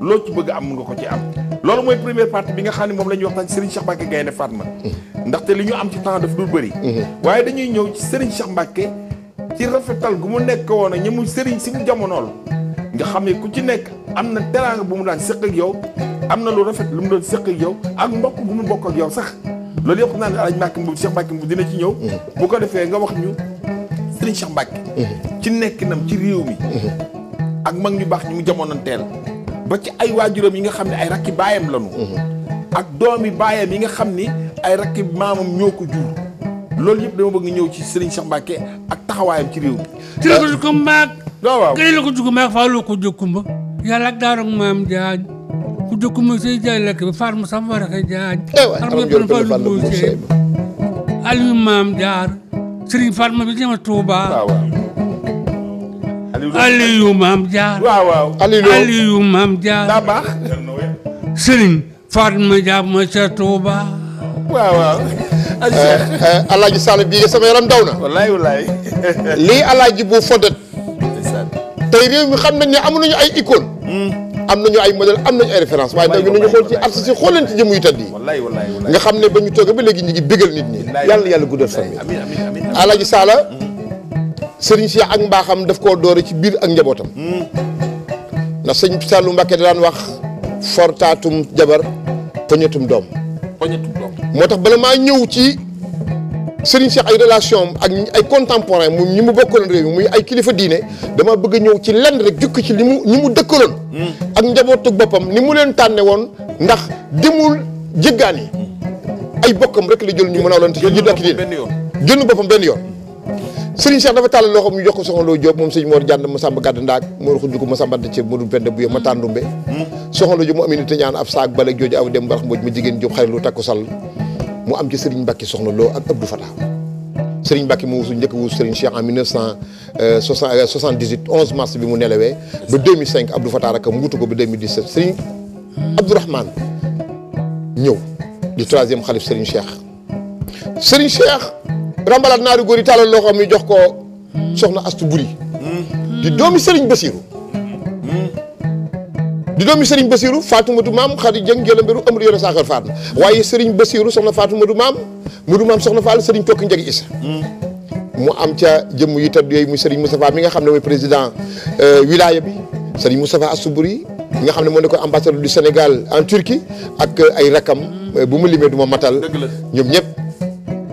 loo ci bëgg am mun nga ko ci am loolu mooy première partie bi nga xam ne moom la ñuy waxtaan ci Serigne Cheikh Mbacke Gaynde Fatma ndaxte li ñu am ci temps def dul bëri waaye dañuy ñëw ci Serigne Cheikh Mbacke ci rafetal gu mu nekk woon a ñi mu si mu jamonool nga xam ne ku ci nekk am na teraanga bu mu daan sëq ak yow am na lu rafet lu mu doon sëq ak yow ak mbokk bu mu bokk ak yow sax loolu yëpp naan alaaj Mbacke Mbuub Cheikh Mbacke Mbuub dina ci ñëw bu ko defee nga wax ñu Serigne Cheikh Mbacke ci nekkinam ci réew mi ak mag ñu baax ñu mu jamonoon ba ci ay waajuram yi nga xam ne ay rakki baayam lañu ak doomi baayam yi nga xam ni ay rakki maamam ñoo ko jur loolu yëpp dama bëgg nga ñëw ci Serigne Cheikh Mbacké ak taxawaayam ci réew mi ci la ko jukko mbaag waaw waaw kay la ko jukko mbaag faa lekk ba faat mu sam war ake aliyu maam jaar Serigne Fatma bi dama Touba Aliou maam Diar waaw waaw Aliou maam Diar daa baax Serigne Fatma Diar ma ca Touba waaw waaw eh, eh, alaaji bii sama yaram daw na wallaay wallaay lii alaaji bu foddat tey réew xam nañ ne amuñu ay icône hmm. am nañu ay modèle am nañu ay référence waaye nag nañu xool ci artiste yi xool leen ci jëmm yu tedd yi nga xam ne ba ñu toog ba léegi ñu ngi bégal nit ñi yàlla yàlla guddal fan bi alaaji Sall sëriñ si ak mbaaxam daf koo doore ci biir ak njabootam ndax sëñ Saliou Mbacké da daan wax fortaatum jabar poñetum doom poñetum doom moo tax bala maa ñëw ci sëriñ Cheikh ay relation ak ay contemporain mu ñi mu bokkaloon réew muy ay kilifa diine dama bëgg a ñëw ci lenn rek jukki ci li mu ñi mu dëkkaloon hmm. ak njabootu boppam ni mu leen tànne woon ndax demul jéggaani ay bokkam rek la jël ñu mën a loon te ñu dakki diine jënd boppam benn yoon Serigne Cheikh dafa tàll loo xam ñu jox ko soxna Lo Diop moom sëñ Mor Diagne Masamba Gàdd Ndaak Mor Xujjuku Masamba Dacé Modou Penda Bouye ma Tàndumbe mu jigéen Diop xarit lu takku sall mu am ci Serigne Mbacke soxna Lo ak Abdou Fatah Serigne Mbacke mu wusu njëkk wusu Serigne Cheikh en 1978 11 euh, euh, mars bi mu nelawee ba 2005 Abdou Fatah rek mu wutu ko ba 2017 Serigne Abdourahmane ñëw di troisième xalif Serigne Cheikh rambalaat naari góor yi tàllal loxoom ni jox ko soxna astu buri di domi serigne basiru di domi serigne basiru fatumatu mam khadija jëng beru amru yone saakar fat waye serigne sëriñ basiru soxna fatumatu mam mudu mam soxna fall serigne tok njagi isa mu am ca jëm yu tedd yoy mu serigne moustapha mi nga xam ne president euh wilaya bi serigne moustapha astu buri mi nga xam ne ko ambassadeur du senegal en Turquie ak ay rakam bu mu limee du ma matal ñom ñep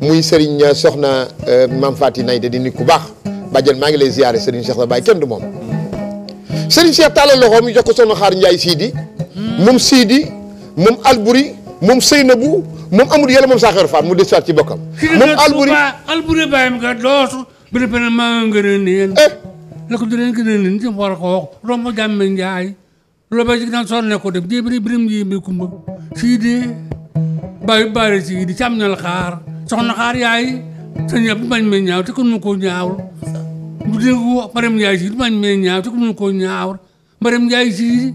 muy Serigne Soxna euh, Mame Faty Naydé di nit ku baax bàjjen maa ngi lay ziare Serigne Cheikh la Baye kenn du moom Serigne Cheikh taalal loxo mi jox ko soxna Xaar Ndiaye Sidi moom Sidi moom Alburi moom Seynabu moom Amadou Yàlla moom Sakhir Fall mu desuwaat ci bokkam. moom Alburi Alburi bàyyi ma kat dootul. bi ne pene maa ngi a ko def jéem a birim jéem a kumba Sidi bàyyi bàyyi Sidi càmm ñal xaar. soxna xaar yaay sa ñaar du bañ mee ñaaw te kon mu koo ñaawul bu déggu Mariam Njaay Siidi du bañ mee ñaaw te kon mu koo ñaawul Mariam Njaay Siidi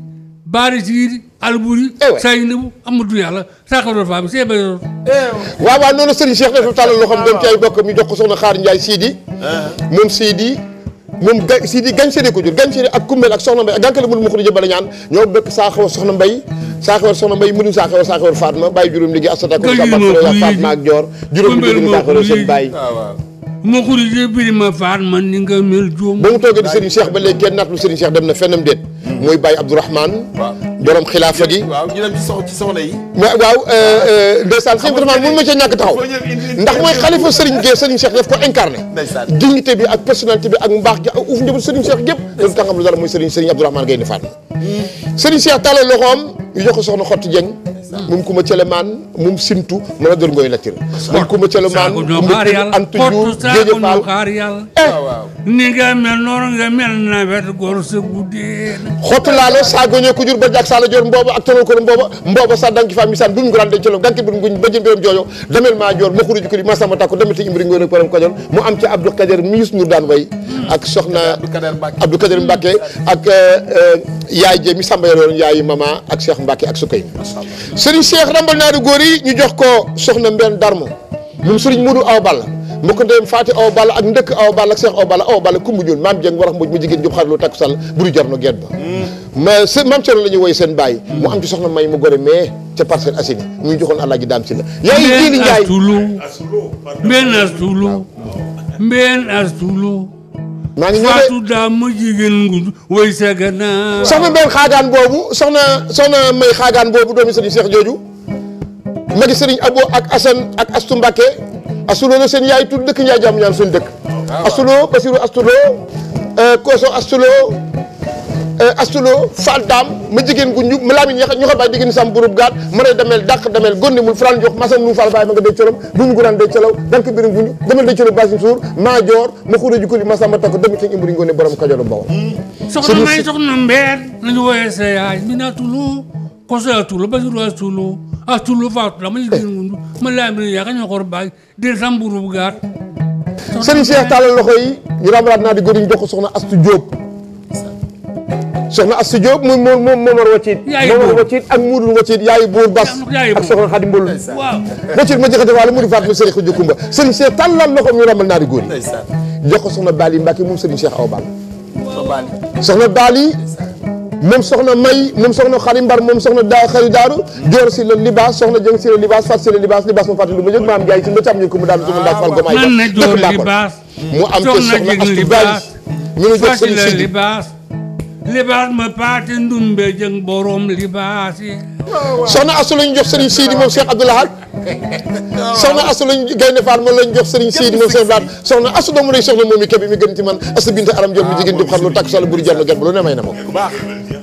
Baari Siidi Alburi eh say nabu Amadou Yàlla saa xaw doon faa bi see bayoon eh waaw waaw noonu Serigne Cheikh dafa tàllal loo xam dem ci ay bokk mi jox ko Siidi ah. moom Siidi moom ga Sidi Gagne ku ko jur Gagne Séré ak Koumel ak Soxna Mbay ak gànkale mënu ma xurija bala ñaan ñoo bëkk saaxawar Soxna Mbay saaxawar Soxna Mbay mënu saaxawar saaxawar Fatma bàyyi juróom liggéey asatakoa Fatma ak Joor juróom liggéey saaxawar seen bàyyi moo xurije birima Fatma ni nga mel juum ba mu toogee di Serigne Cheikh ba kenn naat lu Serigne Cheikh dem na fennam déet mooy hmm. bàyyi Abdourahmane borom xilaafa gi waaw ñu dem ci sox ci soxna yi. waaw euh, euh, ndeysaan mun ma ca ñàkk taxaw ndax mooy xalifa Serigne Gueye Serigne Cheikh daf ko dignité bi ak personnalité bi ak mbaax gi ak uuf njëbu Serigne Cheikh gépp loolu taxam lu dara mooy Serigne Serigne Abdourahmane Gueye ni Fatma. Serigne Cheikh tàllal loxoom ñu jox ko soxna Xott Dieng mum ko jur badiak sala jor mboɓa aktanol kono mboɓa mboɓa sa danki fa misan ɗum gorande celo ganki ɗum guñ bajin mbiram joƴo damel ma jor makuruji kadi masamba takko damete imri goyno param kañol am ci abdou kader mius nour dane way ak sokhna abdou kader mbakke ak eh, eh, yaay je mi samba yoroon yaayi mama ak cheikh mbakke ak sukay sëriñ Cheikh rambal naa di góor yi ñu jox ko soxna Mbène Darmo moom sëriñ Modou Awa Balla mbokk ndeyam Faati Awa Balla ak ndëkk Awa Balla ak Cheikh Awa Balla Awa Balla kumbu joon maam a mujj mu jigéen jub xarlu takku sàll buru jarno geet ba mm. mais seen maam Thierno la ñuy woy seen bàyyi mu am ci soxna may mu gore mais ca Parcelles Assainies ñu joxoon Alaaji Daam Si la yaay Jiili Njaay Mbeen Astulu Mbeen ma jigéen sa gannaaw soxna benn xaagaan boobu soxna soxna may xaagaan boobu doomi sëriñ Cheikh jooju magi sëriñ ak Assane ak Astu Mbàkke Astulo la seen yaay tudd dëkk Njaay jàmm ñaan seen dëkk ah, Astulo Basiru Astulo euh, Koso Astulo Euh, astulo fal dam ma jigéen gu ñub mi laamin yaxa ñoxo bay digin sam burub gaat ma ne damel dàq a tulu basiru a loxo yi ñu ramaraat naa di góor jox soxna Astu Diop soxna Assa Diop muy moom moom Momar Wacit Momar Wacit ak Moudou Wacit yaayu buur Bas ak soxna Xadi Mbolu Wacit ma jëkkate waale mu di faat mu Serigne Khoudia Koumba Serigne Cheikh tàllal loxo ñu ramal naari góor yi jox ko soxna Bali Mbacke moom Serigne Cheikh Awa Bal soxna Bali moom soxna May moom soxna Xari Mbar moom soxna da Xari Daaru Joor si la libaas soxna Jëng si la libaas Fat si la libaas libaas ma fàttali ma jóg maam si la càm mu am ci soxna Astu Bali libaas ma paate ndumbe jëng borom libaas yi soxna asu lañu jox sëriñ Sidi moom Cheikh Abdou Lahad soxna asu lañ gaynde faat moom lañ jox sëriñ Sidi moom Cheikh Abdou Lahad soxna asu doomu lay soxna moom mi kébi mi gën ci man asu binte aram jot mi jigéen jub xar lu takk solo buri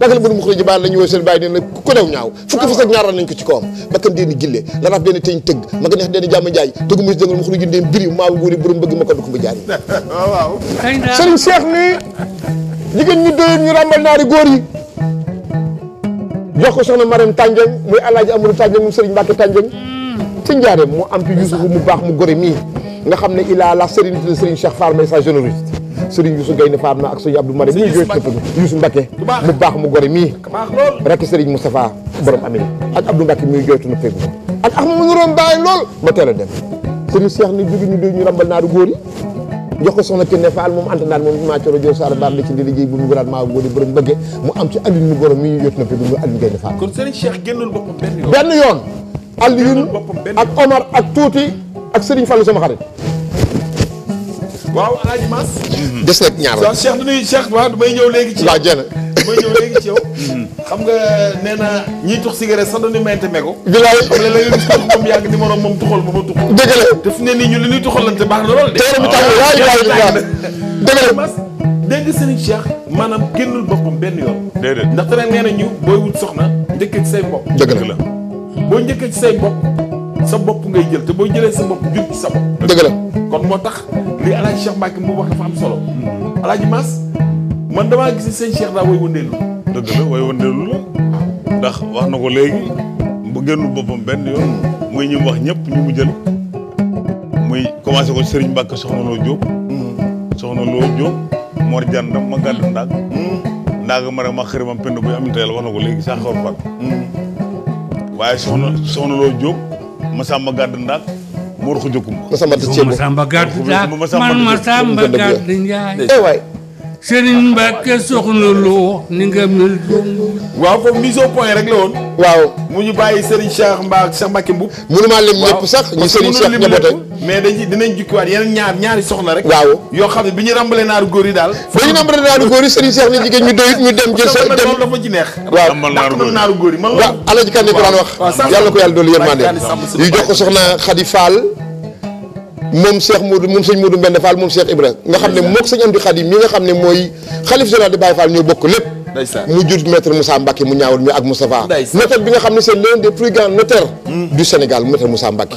dagal mënu mu xëy ji baal la ñu wooy seen bàyyi ne ku ko dew ñaaw fukki fas ak ñaaral nañ ko ci kawam bakkan deen gille la raf deen teñ tëgg ma nga neex deen jàmm njaay tëgg mu dëngal ma ko duk mba jaay oh, waaw sëriñ Cheikh ni jigéen ñu doyoon ñu ràmbal naari góor jox ko soxna Marème Tànjeng muy alaaji Amadou Tànjeng moom sëriñ Mbàkke Tànjeng hmm. ci njaareem moo am ci Yuusufu mu baax mu gore mii nga xam ne il a la sérénité de sëriñ Cheikh Fall mais sa générosité Serigne Youssou Gaynde Fatma ak Serigne Abdou Mari bi ñuy jooy tëpp mu baax mu gore mii rek Serigne Moustapha borom ak ak ma mu nuroon bàyyi lool ma teel a dem Serigne Cheikh ni jógi ñu doy ñu rambal naaru góor yi soxna Kine Fall moom anta naan moom i maacoro jo sar bar li ci mu gëraat maa jooytu na pegg mu Gaynde Fall benn yoon Alioune ak Omar ak tuuti ak Serigne Fallou sama xarit waaw Alaaji Mas. Mhm. des nag ñaar waaw Cheikh dañuy Cheikh waaw damay ñëw léegi. ci yow waaw jërëjëf damay ñëw léegi ci yow. Mhm. xam nga nee na ñiy tux cigarette sax dañuy mayante mego. bilaay xam nga léeg-léeg moom yàgg ni morom moom tuxal ba ma tuxal. dëgg la te fu ne nii ñu li ñuy tuxalante baax na lool de. waaw waaw yàlla na dëgg la dégg nga Serigne Cheikh maanaam génnul boppam benn yoon. déedéet ndaxte nag nee na ñu booy wut soxna njëkk ci say bopp. dëgg la boo njëkkee ci say bopp sa bopp ngay jël te boo jëlee sa bopp jur ci sa bopp. dëgg la kon moo tax li El Cheikh Mbacke mu wax dafa am solo. El Mas man damaa gis sëñ Cheikh daa way wëndeelu. dëgg la way wëndeelu la ndax wax na ko léegi bu génnul boppam benn yoon muy ñi wax ñëpp ñu mu jël muy commencé ko Serigne Mbacke soxna Lo Diop. soxna Lo Diop Mor Dianda ma gàddu ndaag. ndaag ma ma xëri pend buy am teel wax na ko léegi xor fat hmm. waaye soxna soxna Lo Diop. Masamba Gàdd Ndaak Mor Xuja Kumba Masamba Gàdd Ndaak man Masamba Gàdd Njaay Serigne Mbacke soxna Lo ni nga mel dong. waaw foofu mise point rek la woon. waaw mu ñu bàyyi Serigne Cheikh Mbacke Cheikh Mbacke Mboup. mënumaa lim lépp sax ñu Serigne Cheikh njabootam mais dañuy dinañ jukkiwaat yeneen ñaar ñaari soxna rek. waaw yoo xam ne bi ñu rambale naaru góor yi daal. ba ñu rambale naaru góor yi Serigne Cheikh ne jigéen ñu doyut ñu dem. dafa ci waaw rambal naaru góor yi man ko yàlla ko yàlla dolli yërmande yu jox ko soxna Khady Fall moom Cheikh Modou moom sëñ Modou Mbende moom Cheikh Ibrahima nga xam ne mook sëñ Amdi Xadim mi nga xam ne mooy xalif général de Baye Fall ñoo bokk lépp mu jur maître Moussa Mbacké mu ñaawul mi ak Moustapha notaire bi nga xam ne c'est l'un des plus grands notaires hmm. du Sénégal maître Moussa Mbacké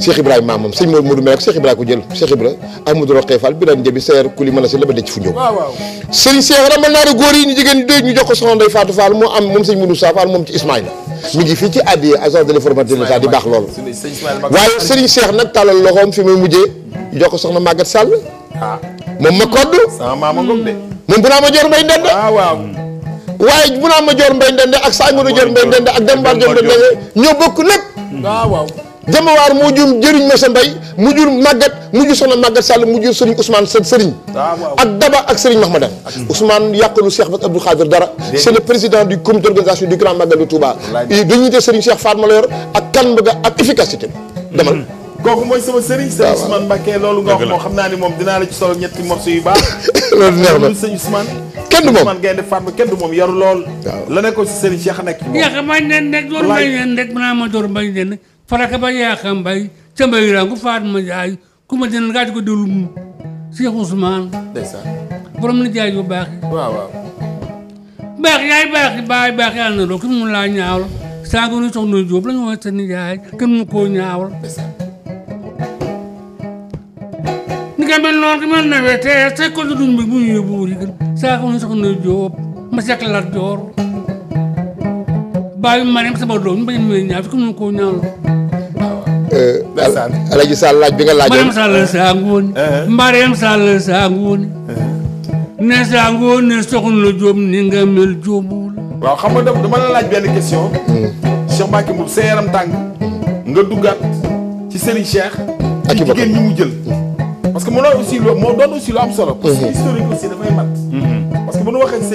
Cheikh Ibrahima maamam sëñ Modou Mbende ak Cheikh Ibrahima ko jël Cheikh Ibrahima Ahmadou Rokhaya Fall bi daan jëbi seer kuli mën a si la ba denc fu ñëw sëñ Cheikh ramal naa góor yi ñu jigéen mi ngi fii ci addiye agence de l'information de l'État di baax loolu waaye Serigne Cheikh nag tàllal loxoom fi muy mujjee jox ko soxna Maguette Sall ah. moom ma kodd moom bu naa ma joor mbay ndend ah, waaye bu naa ma joor mbay ndend ak Saymuna joor mbay ndend ak Demba joor mbay ndend ñoo bokk jamawaar moo jur jëriñ ma sa mbay mu jur màggat mu jur soxna màggat sàll mu jur sëriñ Ousmane sa sëriñ ah, ak daba ak sëriñ Mahmadan Ousmane yàqalu seex Bass Abdou Khadir dara c'est président du comité d'organisation du grand magal de Touba dañuy te sëriñ Cheikh Fatma la yor ak calme ga ak efficacité demal mm-hmm. kooku mooy sama sëriñ sëriñ Ousmane Mbacké loolu nga wax moo xam naa ni moom dinaa la ci solo ñetti morceau yu baax loolu neex na sëriñ kenn du moom Ousmane Gaynde Fatma kenn yaru lool la nekkoon si sëriñ Cheikh nekk nga xamante ne nag door mbay nag naa faraka ba yaakaar mbay ca mbay rangu Fatma Ndiaye ku ma jënd ngaa di ko déglu mu Cheikh Ousmane. ndeysaan borom na jaay bu baax. waaw waaw. baax yaay baax baax yaa na doon mu la ñu woowee sa nijaay kenn mu koo ñaawal. ni nga mel noonu ki mel nawet ko duñ bi bu ñu yóbbu wu ñu gën ma sekk la joor baayu a ñaawal mu koo ñaawal. Alaaji Sall laaj bi nga laajoon Mariam Sall saa ngoon eh, eh. Mariam Sall saa ngoon eh. ne saa ngoon ne soxna Jóob ni nga mel jóobul waaw xam nga dama la laaj benn question hmm. Cheikh Mbacké moom sa yaram tàng nga duggaat ci Serigne Cheikh jigéen ñi mu jël parce que mënoo aussi nu hmm. hmm. waxee Serigne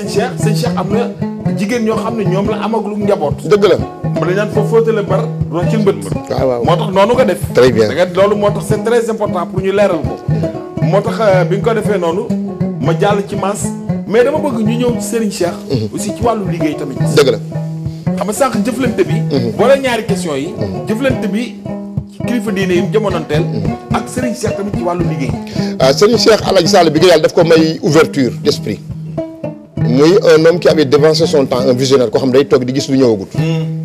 Cheikh Serigne Cheikh am na jigéen ñoo xam ne ñoom la amagul njaboot dëgg la ma ñaan foofu fóotale bar ci mbët. Ah, waaw waaw loolu moo tax c'est très important pour ñu leeral ko. moo tax euh, bi nga ko defee noonu ma jàll ci maas mais dama bëgg ñu ñëw Serigne Cheikh. Mhm. aussi ci wàllu liggéey tamit. dëgg la. xam nga sànq jëflante bi. Mhm. boole ñaari question yi. Mhm. jëflante bi kilifa diine yi jamonoonteel. ak Serigne Cheikh tamit ci wàllu liggéey. ah Serigne Cheikh Alhaji bi nga yàlla daf ko may ouverture d'esprit muy un homme qui avait dévancé son temps un visionnaire koo xam day toog di gis lu ñëwagut. Hmm.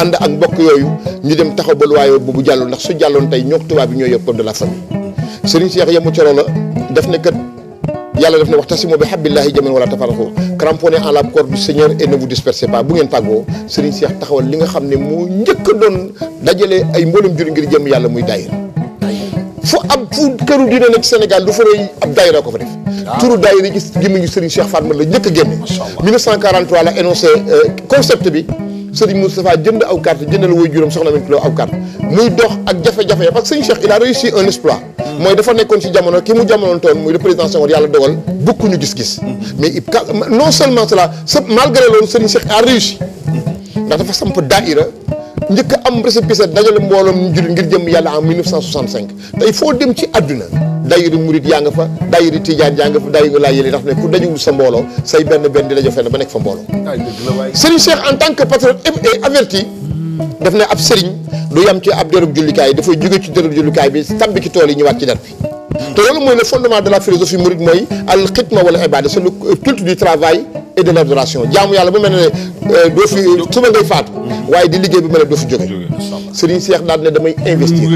ànd ak mbokk yoyu ñu dem taxaw ba luwaayoo bu jallu ndax su jallon tay ñok tuba bi ñoy yor code de la famille Serigne Cheikh yemu coro la daf ne kat yalla def ne wax waxtasimu bi hablillahi jamii'an wala tafarraqu cramponé en la corde du Seigneur et ne vous dispersez pas bu ngeen pàggoo Serigne Cheikh taxawal li nga xam mo moo njëkk doon dajale ay mboolum jur ngir jëm yalla muy dayir fu ab fu keuru dina nek Sénégal du fa rëy ab daayira ko fa def ah. turu daayira gi gémmiñu Serigne Cheikh Fatma la njëkk a 1943 la énoncé euh, concept bi Serigne Moustapha jënd aw carte jëndal woy juroom soxna Aminta ko aw carte muy dox ak jafé jafé parce que Serigne Cheikh il a réussi un exploit moy dafa nekkon ci jamono ki mu jamonoon toon muy le président Senghor Yalla dogal ñu gis-gis mais il non seulement cela malgré lolu Serigne Cheikh a réussi ndax dafa samp daayira njëkk am récépissé dajale mbooloom ñu jullit ngir jëm yàlla en 1965 tey foo dem ci àdduna dayiri murit yaa nga fa dayiri tijaan yaa nga fa dayiri laa yéen ndax ne ku dajewul sa mbooloo say benn benn di la fenn ba nekk fa mbooloo. Serigne Cheikh en tant que patriote et averti daf ne ab Serigne du yam ci ab dërëb jullikaay dafay jóge ci dërëb jullikaay bi tàbbi ci tool yi ñëwaat ci der bi. te loolu mooy le fondement de la philosophie mouride mooy al xidma wal ibada c'est le culte du travail et de l'adoration Diamou yalla bu mel ne euh, doo fi suba ngay faatu waaye di liggéey bu mel do fi jóge Serigne Cheikh dal ne damay investir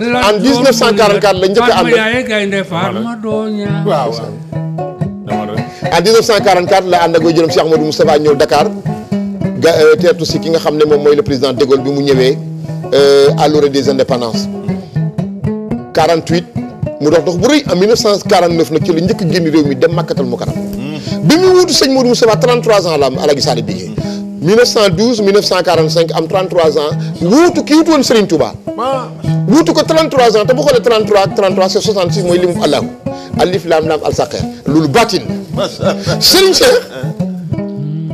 en 1944 la njëkk a en 1944 la ànd ak jërëm Cheikh Amadou Moustapha ñëw Dakar ga euh, teertu si ki nga xamne mom moy le président de Gaulle bi mu ñëwé euh à l'orée des indépendances 48 mu dox dox bu rëy en 1949 nag ci la njëkk génn réew mi dem Makkatal Mukarram hmm. bi mu wuutu sëñ Modou Moustapha 33 ans la am Alaaji Saali Bigé 1912 1945 am 33 ans wuutu ki wuutu woon Serigne Touba wuutu ko 33 ans te bu xoolee 33 ak 33 c'est mooy limu allahu alif laam laam al saqeer loolu baatin la Serigne Cheikh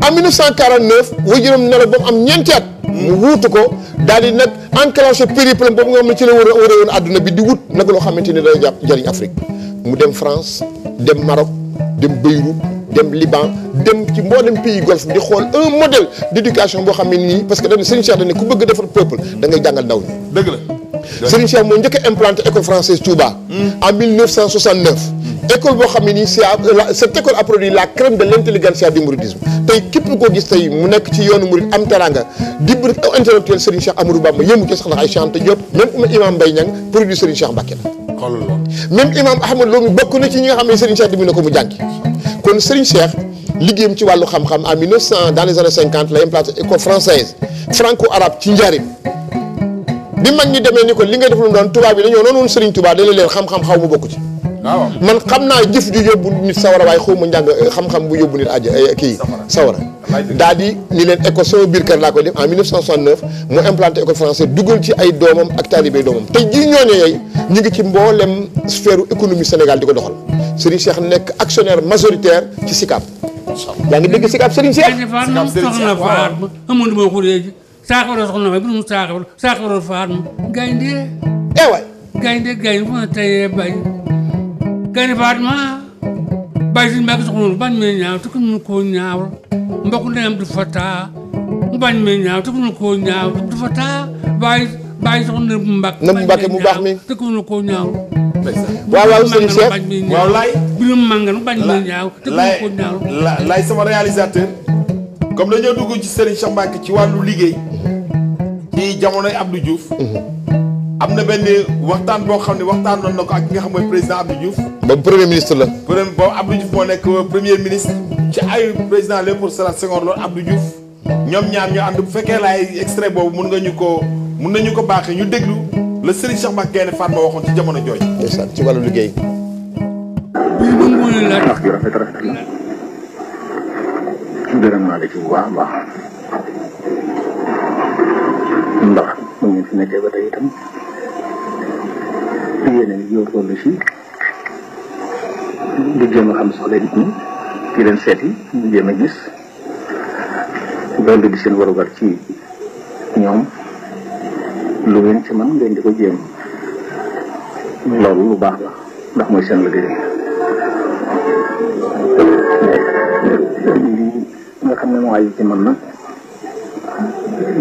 en 1949 waajuram ne ba mu am ñeenti at mu wuutu ko daal di nag enclenché périple boobu nga xam ne ci la war a war woon àdduna bi di wut nag loo xamante ni day jàpp jëriñ Afrique mu dem France dem Maroc dem Beyrouth dem Liban dem ci mboolem pays golfe di xool un modèle d'éducation boo xam ne nii parce que dañu Serigne Cheikh dañ ne ku bëgg defar peuple da jàngal ndaw ñi. dëgg la Serigne Cheikh moo njëkk a implanté école française Touba. Hmm. en 1969. école boo xam ne nii c'est cette école a produit la crème de l'intelligentsia du mouridisme tey képp koo gis tey mu nekk ci yoonu murid am teranga di intellectuel Serigne Cheikh Amadou Bamba yëmu ci sax na ay chante Diop même imam Mbaye Niang produit Serigne Cheikh Mbacké la xoolal loolu même imam bokk na ci ñi nga xam ne Serigne Cheikh dimu na ko mu jàngi kon Serigne Cheikh liggéeyam ci wàllu xam-xam en 1900 dans les années 50 la implanté école française franco-arabe ci Njaaréem bi mag ñi demee ni ko li ngay def lu mu doon tubaab yi bokk ci man xam naa jëf ju yóbbu nit sawara waaye xaw ma njàng eh, xam-xam bu yóbbu nit àjj eh, kii sawara daal di ni leen école sama biir kër laa koy def en 1969 mu implanté école française dugal ci ay doomam ak taalibé doomam tey yooyu ñu ngi ci mboolem sphère di ko doxal Serigne Cheikh nekk actionnaire majoritaire ci SICAP yaa ngi dégg SICAP Serigne Cheikh soxna Fatma amoon ma xureeji saakaro soxna fa bu mu saakaro saakaro Fatma gaynde eh waay gaynde gaynde eh, bay gani baat ma bay sin mbagi soxlul bañ me ñaaw te kun ko ñaaw mbokk ndeyam du fa taa bañ me ñaaw te kun ko ñaaw du fa taa bay bay soxna mbak na mbake mu baax mi te kun ko ñaaw waaw waaw sëñ Cheikh waaw laay bi ñu màngal bañ me ñaaw te kun ko ñaaw laay sama réalisateur comme dañoo dugg ci Serigne Cheikh Mbacke ci wàllu liggéey ci jamonoy Abdou Diouf mhm. am na benn waxtaan boo xam ne waxtaan noonu na ko ak ki nga xam mooy président Abdou Diouf. boobu premier ministre la. premier boobu Abdou Diouf moo nekk premier ministre. ci ay président Léopold Sédar Senghor loolu Abdou Diouf ñoom ñaar ñu ànd bu fekkee laay extrait boobu mun nga ñu ko mun nañu ko baaxee ñu déglu la sax Cheikh Mbacke Gaïndé boo waxoon ci jamono jooju. ndeysaan ci wàllu liggéey. buy ba mu mën la. a baax. ndax mu ngi te yéen a góorgóorlu ci di jéem a xam soxla nit ñi di leen seeti di jéem a gis loolu di seen warugar ci ñoom lu ngeen ci man ngeen di ko jéem loolu lu baax la ndax mooy seen liggéey li nga xam ne moo man nag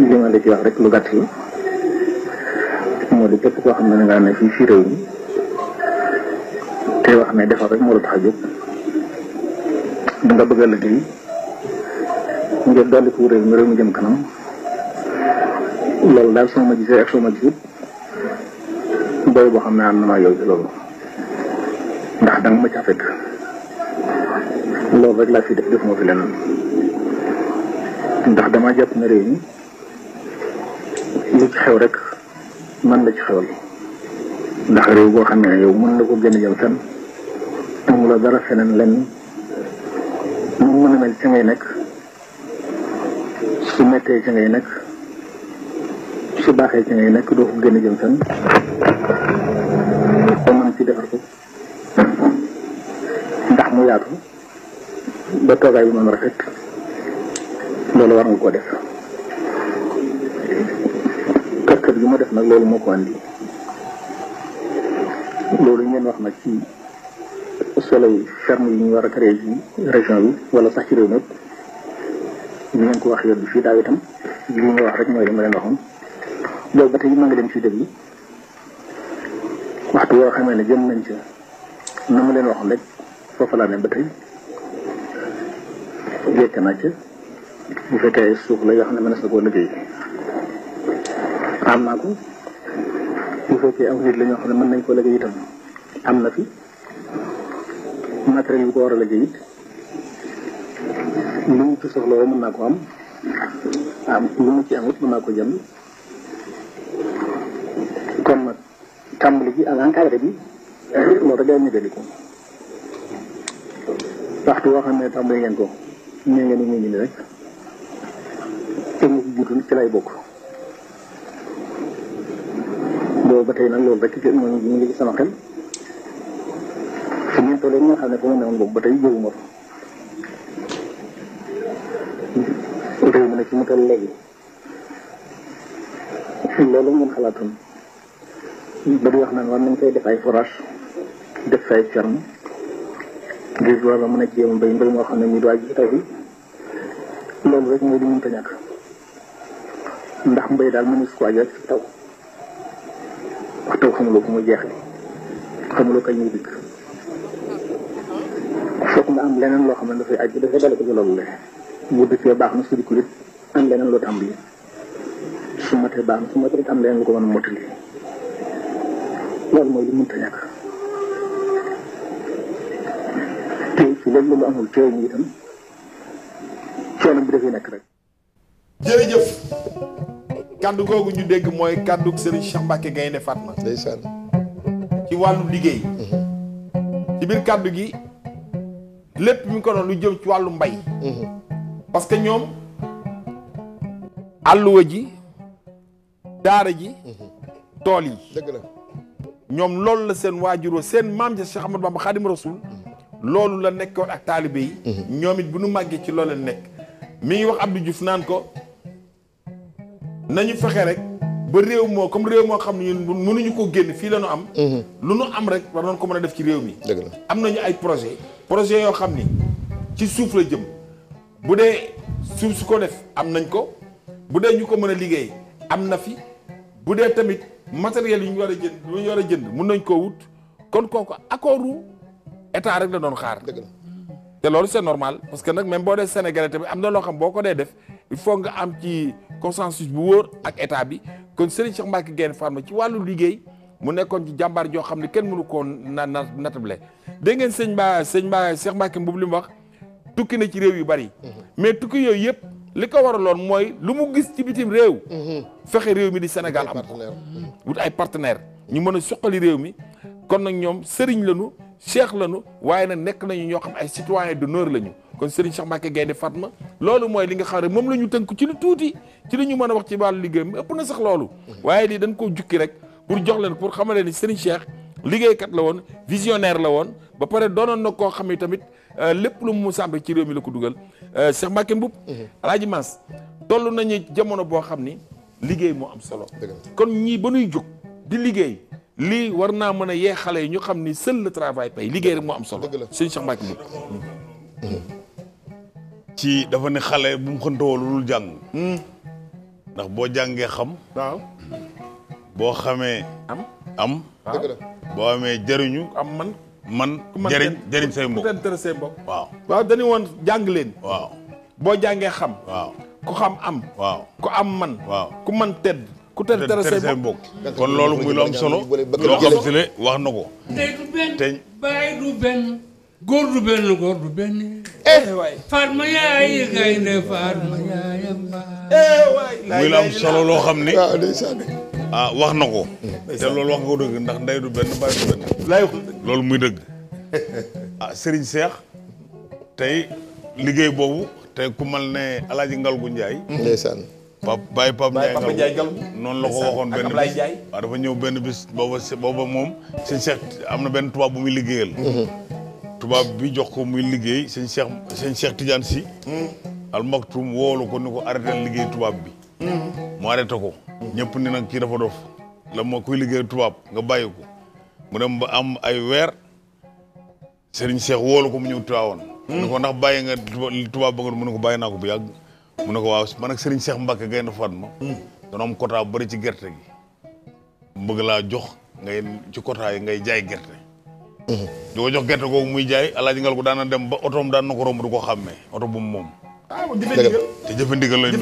li ma la ci wax rek lu gàtt moo di képp koo xam ne da ngaa ne fii fii réew mi te wax ne defar rek moo la tax a jóg da nga bëgg a liggéey ngir dolli ko réew mi jëm kanam loolu daal soo ma gisee ak soo ma gisut booy xam ne am na maa yow loolu ndax da nga ma ca fekk loolu rek laa fi def defuma fi leneen ndax dama jàpp ne réew mi lu ci xew rek man la ci xewal ndax réew boo xam ne yow mën na ko gën a jëm fenn amula dara feneen lenn lu mën a mel ci ngay nekk su mettee ci ngay nekk su baaxee ci ngay nekk doo ko gën a jëm fenn kon man ci defar ko ndax mu yaatu ba toogaay bi mën rafet loolu war nga koo def kër ma def nag loolu moo ko andi loolu ngeen wax nag ci solo yi ferme yi ñu war a créé ci région bi wala sax ci réew mépp ñu ngeen ko wax yoon bi fii daaw itam li nga wax rek mooy li ma leen waxoon loolu ba tey ma nga dem ci dëkk yi waxtu woo xamee ne jëm nañ ca na ma leen waxoon rek foofu laa ne ba tey jekk naa ca bu fekkee suuf la yoo xam ne mënees na koo liggéey xaraam naa ko bu fekkee aw nit la ñoo xam ne mën nañ ko liggéey itam am na fi matériel yu ko war a liggéey it lu mu ci soxla woo mën naa ko am am lu mu ci am it mën naa ko jënd kon nag tàmbali bi ak encadré waxtu boo xam ne tàmbali ngeen ko nee ngeen ñu nii rek te mu jiitu ci lay bokk. boobu ba tey nag loolu rek ci mu ngi ci sama xel fi ngeen tollee nga xam ne boobu ba tey jóguma fa réew mi loolu ngeen xalaatoon ba di wax naan war nañ koy def ay forage def fay ferme ngir war a mën a jéem mbéy mbéy moo xam ne ñu doy rek mooy di ndax mbéy daal mënees ko waaj taw te xamuloo ko mu jeexle xamuloo kañ muy dikk foog nga am leneen loo xam ne dafay aju dafa dale ko ci loolu la bu dikkee baax na su dikkul it am leneen loo tàmbali su matee baax na am leneen lu ko mën a mottali loolu mooy li mënta ñàkk tey ci lépp lu amul teew mi itam coono bi dafay nekk rek kaddu googu ñu dégg mooy kaddu Serigne Cheikh Mbacké Gaynde Fatma. ndeysaan. ci wàllu liggéey. Mhm. ci biir kaddu gi lépp mu ko doon lu jël ci wàllu mbay. Mhm. parce que ñoom àlluwa ji daara ji. Mhm. tool yi dëgg la. ñoom loolu la seen waajuroo seen maam ja Cheikh Ahmadou Bamba Khadim Rasoul loolu la nekkoon ak taalibe yi. ñoom it bu nu màggee ci loolu la nekk. mi ngi wax Abdou Diouf naan ko. nañu fexe rek ba réew moo comme réew moo xam ne ñun mënuñu ko génn fii la ñu am. Mhm. lu nu am rek war nañ ko mën a def ci réew mi. dëgg am nañu ay projet projet yoo xam ni ci suuf la jëm bu dee suuf su ko def am nañ ko bu dee ñu ko mën a liggéey am na fi bu dee tamit matériel yu ñu war a jënd yu ñu war a jënd mun nañ koo wut kon kooku accordu état rek la doon xaar. dëgg la te loolu c'est normal parce que nag même boo dee Sénégalais tamit am na loo xam boo ko dee def. il faut nga am ci consensus bu wóor ak état bi kon Serigne Cheikh Mbacke Gaïndé Fatma ci wàllu liggéey mu nekkoon ci jàmbaar joo xam ne kenn mënu koo na na natable dégg ngeen sëñ Ba sëñ Ba Cheikh Mbacke mbub li mu wax tukki na ci réew yu bari mhm. mais tukki yooyu yëpp li ko war a waraloon mooy lu mu gis ci bitim réew. Mhm. fexe réew mi di Sénégal am mhm. wut ay partenaire ñu mën a suqali réew mi kon nag ñoom sëriñ lañu cheikh lañu waaye nag nekk nañu ñoo xam ay citoyen d'honneur lañu. kon Serigne Cheikh Mbacke Gaynde ma loolu mooy li nga xam ne moom la ñu tënk ci lu tuuti ci li ñu mën a wax ci wàllu liggéeyam ëpp na sax loolu waaye lii dañ koo jukki rek pour jox leen pour xamal leen ni Serigne Cheikh liggéeykat la woon visionnaire la woon ba pare doonoon na koo xam ne tamit euh, lépp lu mu sàmbe ci réew mi la ko dugal euh, Cheikh Mbacke Mboup mhm. Alaaji Maas toll nañu jamono boo xam ni liggéey moo am solo kon ñii ba nuy jóg di liggéey lii war naa mën a yee xale yi ñu xam ni seul le travail paye liggéey rek moo am solo Serigne Cheikh Mbacke Mboup mhm. ci dafa ne xale bu mu xëntawoo lu dul jàng ndax boo jàngee xam boo xamee am am boo amee jëriñu am man man jëriñ jëriñ say mbokk say mbokk waaw waaw dañu woon jàng leen waaw boo jàngee xam ku xam am waaw ku am man waaw ku man tedd ku tedd tere say mbokk kon loolu muy lu am solo loo xam si ne wax na ko tey góor du benn góor du benn. eh waay Fatma yaay gaynde Fatma yaay eh, muy la am solo loo xam ne. ah wax na ko. te loolu wax nga ko dëgg ndax ndey du benn baay du benn. lay loolu muy dëgg. ah Serigne Cheikh tey liggéey boobu tey ku mal ne alaaj Hadj Ngalgu Ndiaye. ndeysaan. pap Baye Pape Ndiaye noonu la ko waxoon benn bis waaw ah, dafa ñëw benn bis booba booba moom. Serigne Cheikh am na benn tubaab bu muy liggéeyal. Mm-hmm. tubab bi jox ko muy liggey sëñ Cheikh sëñ Cheikh Tidiane si. Hmm. al maktum wolu ko niko arrêté liggey tubab bi. mo hmm. arrêté ko. Hmm. ñepp ni nak ki dafa dof la mo koy liggey tubab nga bayiko mu dem ba am ay wer sëriñ Cheikh wolu ko mu ñëw tawon niko nak baye nga tubab ba nga mu ne ko bàyyi naa ko bu yàgg. mu ne waaw man ak sëriñ Cheikh Mbacke am quota bari ci gerte gi. bëgg la jox ngay ci quota yi ngay jaay gerte. di ko jox gerte googu muy jaay alaaji ngal ko daana dem ba otoom daan na ko romb du ko xàmmee oto bu mu moom ah jëfe ndigal te jëfe ndigal lañ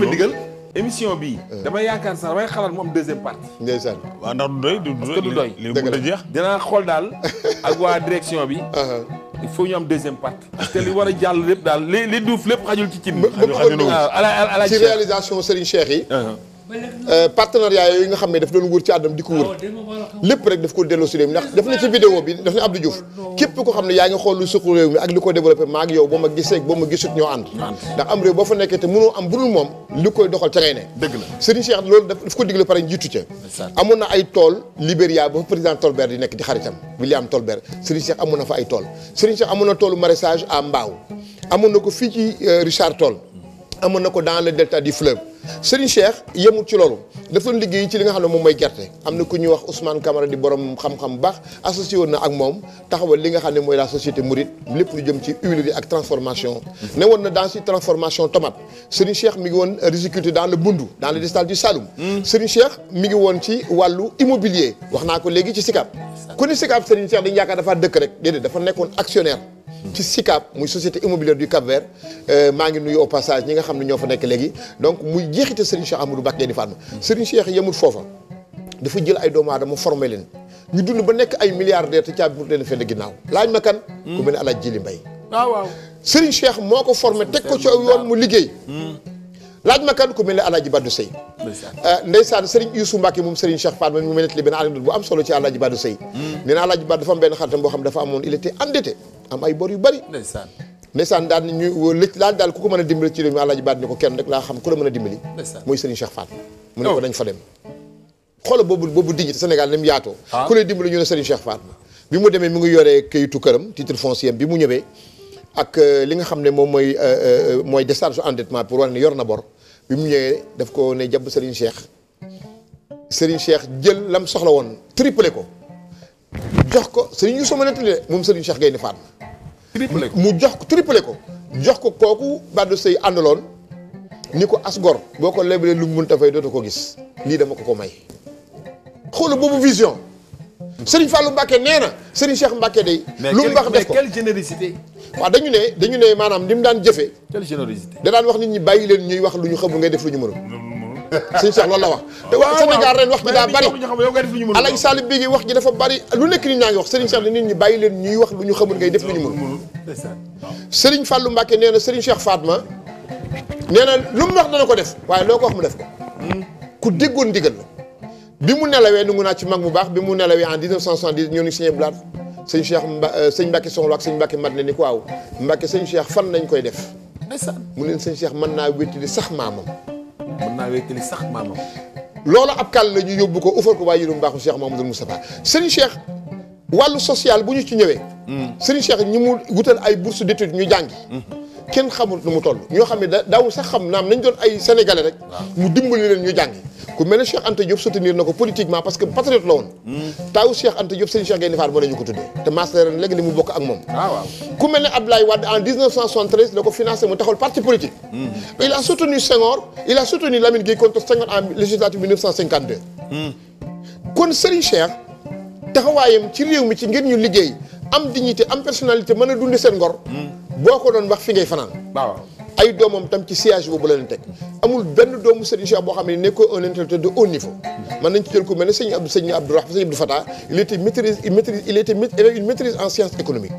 émission bi eh. damay yaakaar sax damay xalaat mu am deuxième partie ndeysaan waaw ndax du doy du doy li mën a jeex dinaa xool daal ak waa direction bi uh-huh. il faut ñu am deuxième partie. te li war a jàll lépp daal li li duuf lépp xajul ci cin bi. xajul ci ah, réalisation Serigne Cheikh yi. Uh-huh. Euh, partenariat yooyu nga xam ne daf doon wër ci àddam di ko wër lépp rek daf ko delloo si réew mi ndax daf ne ci vidéo bi daf ne Abdou Diouf képp ko xam ne yaa ngi xool lu suqu réew mi ak li ko développé maa ak yow boo ma gisee boo ma gisut ñoo ànd ndax am réew boo fa nekkee te mënoo am bu dul moom li koy doxal ca ngay ne dëgg la Serigne Cheikh loolu daf ko digle pare jiitu ca amoon na ay tool Libéria ba président Tolbert di nekk di xaritam William Tolbert Serigne Cheikh amoon na fa ay tool Serigne Cheikh amoon na toolu maraîchage à Mbao na ko fii ci euh, Richard Toll amoon ko dans le delta du fleuve Serigne Cheikh yemul ci loolu dafa doon ci li nga xamne mom moy gerté amna ku wax Ousmane Camara di borom xam-xam bax associé won na ak mom taxawal li nga xamne moy la société Mouride lepp lu jëm ci huilerie ak transformation. ne woon na dans ci transformation tomate Serigne Cheikh mi ngi won riziculture dans le Boundou dans le distal du Saloum. Hmm. Serigne Cheikh mi ngi won ci walu immobilier wax naa ko léegi ci SICAP. ku ni SICAP Serigne Cheikh di yaakaar dafa dëkk rek dédé dafa nekkoon actionnaire ci SICAP muy société immobilière du Cap Vert euh, maa ngi nuyu au passage ñi nga xam ne ñoo fa nekk léegi donc muy jeexite Serigne Cheikh Amadou Mbacke di Fatma Serigne Cheikh yemul foofa dafa jël ay doomu aadama formé leen ñu dund ba nekk ay milliardaire te caabi pour leen fenn ginnaaw laaj ma kan ku mel ne El Hadj Jili Mbaye waaw ah, waaw Serigne Cheikh moo ko formé teg ko ci yoon mu liggéey hmm. laaj ma kan ku mel ne Alaaji Badou Sey euh, ndeysaan Serigne Youssou Mbacke moom Serigne Cheikh Fall man mu ma nettali benn anecdote bu am solo ci Alaaji Badou Sey hmm. daan ñu lëj laal daal ku ko mën a dimbali ci réew mi ko kenn rek laa xam ku la mën a mu ne oh. dem xoolal boobu boobu digit Sénégal ni mu yaatoo ah. ku lay dimbali ñu ne Serigne Cheikh mu demee mi ngi yoree këyitu këram titre foncier bi mu ñëwee ak euh, li nga xam ne moom mooy euh, mooy décharge endettement pour wane ne yor na bor bi mu ñëwee daf ko ne jabb Serigne Cheikh Serigne Cheikh jël lam soxla woon triplé ko jox ko Serigne Youssou ma nettali moom Serigne Cheikh Gaynde Fatma. triplé ko mu jox ko triplé ko jox ko kooku Badou Seye àndaloon ni ko asgor boo ko lebalee lu mu mënta fay dootoo ko gis lii dama ko ko may. xoolal boobu vision. Serigne Fallou Mbacké nee Serigne Cheikh Mbacké day lu mbax def ko quelle générosité. wa dañu ne dañu ne manam nim daan jëfé quelle générosité. da daan wax nit ñi bàyyi leen ñuy wax lu ñu xamul ngay def lu ñu mënul. Serigne Cheikh loolu la wax. te wa Sénégal ren wax bi da bari Alaaji Sall bi gi wax ji dafa bari lu nekk nit ñaa wax Serigne Cheikh nit ñi bàyyi leen ñuy wax lu ñu xamul ngay def lu ñu mënul. Serigne Fallou Mbacké nee Serigne Cheikh Fatma nee lu mbax wax dana ko def waye loko wax mu def ko ku deggon ndigal la en 1970 ñoo ngi signé Seigneur Cheikh Seigneur sëñ son Soxla ak sëñ Mbacke ni ko waaw Mbacke Cheikh fan lañ koy def. ndeysaan mu leen sëñ Cheikh mën naa wéttali sax maamam. mën naa wéttali social bu ci kenn xamul nu mu toll ñoo xam ne da daaw sax xam naam nañ doon ay sénégalais rek mu dimbali leen ñu jàngi ku mel ne Cheikh Anta Diop soutenir na ko politiquement parce que patriote la woon hmm. taaw Cheikh Anta Diop sëñ Cheikh Gaynde Faar ba la ñu ko tuddee te master ren léegi li mu bokk ak moom ah, waaw ku mel ne Abdoulaye Wade en la ko financé mu taxawal parti politique hmm. il a soutenu Senghor il a soutenu Lamine Gueye contre Senghor en législative hmm. kon Serigne Cheikh taxawaayam ci réew mi ci ngeen ñu liggéey am dignité am personnalité mën a dund seen ngor boo ko doon wax fi ngay fanaan. waaw ay doomam tam ci siège boobu la leen teg. amul benn doomu Serigne Cheikh boo xam ne nekkoo un intellectuel de haut niveau. mën nañ ci jël ku mel ne sëñ Abdou sëñ Abdou Rahman sëñ Abdou il était maîtrise il maîtrise il était une maîtrise en sciences économiques.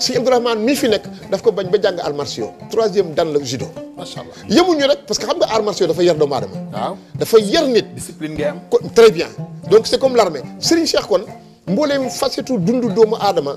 sëñ Abdou Rahman mii fi nekk daf ko bañ ba jàng arts martiaux troisième dans le judo. macha allah yemuñu rek parce que xam nga arts martiaux dafa yar doomu aadama. waaw dafa yar nit. discipline ngay am très bien. donc c' est comme l' armée Serigne Cheikh kon mbooleem facetu dundu doomu aadama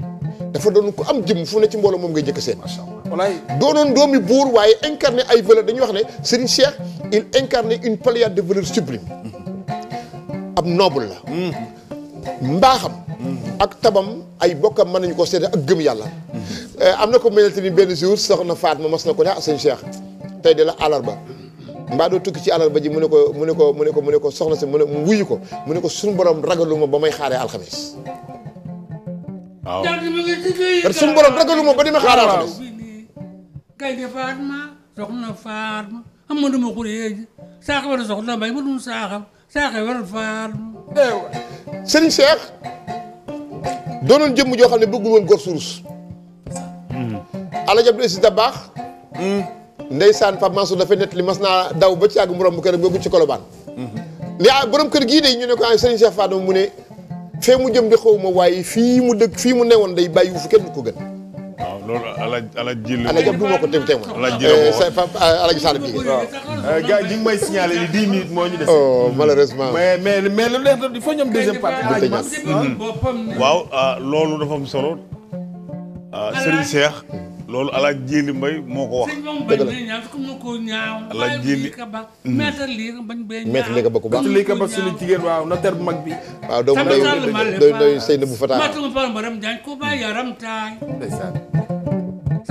dafa doon ko am jëm fu ne ci mbooloo moom ngay jëkk seen walaay doonoon doomi buur waaye incarné ay valeurs dañuy wax ne Serigne Cheikh il incarné une pléiade de valeurs sublime ab noble la hmm. mbaaxam hmm. ak tabam ay bokkam mën nañu ko seede ak gëm yàlla hmm. eh, am na ko melante ni benn jour soxna Fatma mas na ko ne ah sëñ Cheikh tey de la àllarba mbaa doo tukki ci alarba ji mu ne ko mu ne ko mu ne ko mu ne ko soxna si mu ne mu wuyu ko mu ne ko suñu borom ragaluma ba may xaaree alxames waaw parce que suñu borom ba dama xaaraa ko de. gaynde faat ma soxna ma am ma dama xureeji saaxa wala soxna mbay ma dum saaxa saaxa wala faat ma. aywa eh, sëriñ Cheikh doonoon jëmm joo xam ne bëggul woon gor surus. Hmm. Alaaji Abdou Aziz Dabakh. Hmm. ndeysaan Pape Mansour dafay nett li mas naa daw ba ci àgg mu kër googu ci Colobane. li hmm. ah, borom kër gii de ñu ne ko ah sëriñ Cheikh Fatou mu ne. fee mu jëm di xaw ma waaye fii mu dëkk fii mu newoon day bàyyi fu kenn ko gën. waaw loolu ala ala jil ala jàpp moo ko te teewoon. ala jil moo ko eh, ah, eh, gars yi ñu ngi may signalé ni 10 minutes moo ñu des. oh malheureusement. mais mais mais lu leer il faut ñoom deuxième partie. Ah, loolu dafa am solo ah, Serigne Cheikh. loolu alaaj jéeli mbay moo ko wax. dëgg la alaaj jéeli. maître lii ka mm. ba ku baax. maître lii ka ba suñu jigéen waaw notaire bu mag bi. waaw doomu ndeyu doy doy sëy na bu fa taa.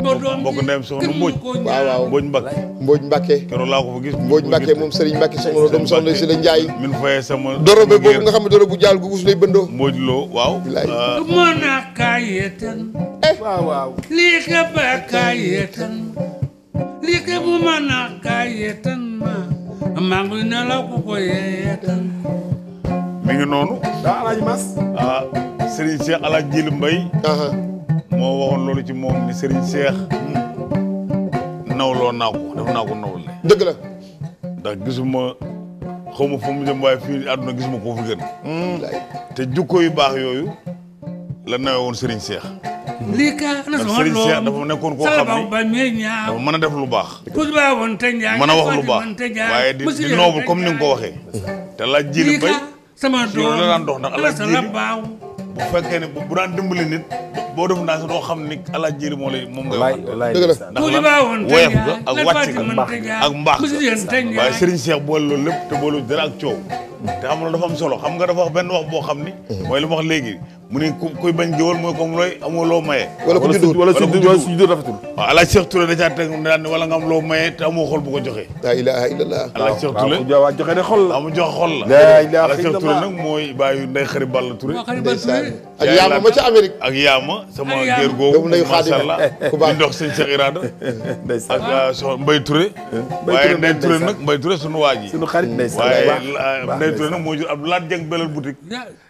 sama doom mbokk ndeyam soxna Mbodj waaw waaw Mbodj Mbakke moom Serigne Mbakke soxna doom soxna si la Njaay min fayee sama nga xam ne dorobu jaal gu gus lay bëndoo Mbodj loo waaw euh, mën a kaayetan eh. waaw waaw lii ka ba kaayetan lii ka bu mën a kaayetan ma maa ngi ne la ko ko yeetan mi ngi noonu daa Alaaji Mas ah, Serigne Cheikh Alaaji Jili Mbaye moo waxoon loolu ci moom ni Serigne Cheikh nawloo naa ko def naa ko nawle dëgg la ndax gisuma xaw ma fu mu jëm waaye fii àdduna gisuma koo fi gën hmm. te jukko yu baax yooyu la nawe woon Serigne Cheikh hmm. lii ka na sama loolu nekkoon koo xam ni ba me mën a def lu baax ku baax woon te ñaa mën a wax lu baax waaye di di noobu comme ni nga ko waxee te laa jili bay sama doom la daan dox ndax alaaj jili bu fekkee ne bu daan dimbali nit boo def naa sax doo xam ni ala jëri moo lay moom ngay wax dëgg la ndax lan woyof nga ak wàcc nga ak mbaax waaye Serigne Cheikh boole loolu lépp te boolu dara ak coow te xam nga dafa am solo xam nga dafa wax benn wax boo xam ni mm-hmm. mooy li wax léegi mu ne ku koy bañ géwal mooy comme looy amoo loo maye. wala ku juddu wala su juddu rafetul. waaw El Hadj Cheikh Touré da caa teg daan wala nga loo maye te amoo xol bu ko joxe. la ilaha illallah. El Hadj Cheikh de xol la. amu joxe nag mooy bàyyi nday xarit Balla Touré. ndeysaan ak yaama ma sama géer googu. macha allah di ndox sëñ Cheikh Irada. ndeysaan ak euh, soxna Mbaye Touré. waaye Ndeye Touré nag sunu waa ji. sunu xarit ndeysaan waaye Ndeye Touré nag moo jur Abdoulaye Dieng belal boutique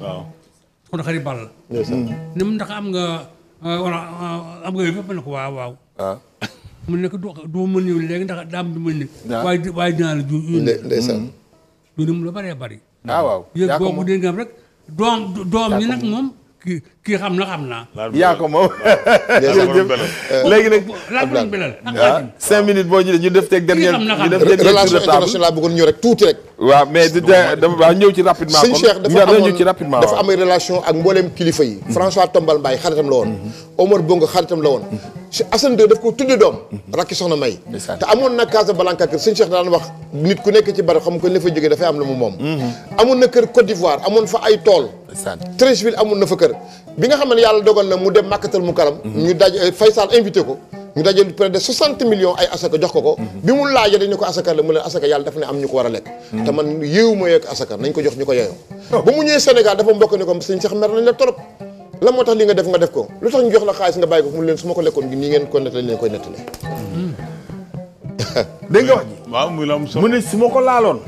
waaw kon xarit bal la. ni mun ndax am nga euh, wala euh, am nga yëpp ma ne ko waaw waaw. Ah. mu nekk du du mën yow léegi ndax daam du mën nekk. Ah. waaye waaye dinaa la ju ndeysaan mm. loolu mu la bëree bëri. ah waaw yaa ko moom yëg boobu rek doom doom ñi nag moom. kii kii xam na xam naa. yaa ko moom. Eh, léegi nag. laaj ah, cinq minutes boo ñu ñu rek tuuti rek. wa mais di dama baa ñëw ci rapidement sëñ Cheikh dafa ñëw ci rapidement dafa am relation ak mbooleem kilifa yi mhm. François Tombal Mbaye xaritam la woon mhm. Omar Bongo xaritam la woon mhm. Assane de daf ko tudde doom rakki soxna May te amon na Casablanca kër sëñ Cheikh daan wax nit ku nekk ci barab xam ko li fa jógee dafay am la mu moom amoon na kër Côte d'Ivoire amoon fa ay tool Treichville amoon na fa kër bi nga xam ne yàlla dogal na mu dem màkkatal mu karam ñu daj Faysal invité ko ñu dajal près de 60 millions ay asaka jox ko ko mhm. bi mu laajee dañu ko asaka la mu leen asaka yàlla daf ne am ñu ko war a lekk mhm. te man yéewu ma yeeg asaka nañ ko jox ñu ko yeyoo oh. ba mu ñëwee Sénégal dafa mbokk ne ko sëñ Cheikh mer nañ la torop lan moo tax li nga def nga def ko lu tax ñu jox la xaalis nga bàyyi ko mu leen su ma ko lekkoon gi nii ngeen ko nettali leen koy nettali mhm. dégg nga wax ji waaw mu ne su ma ko laaloon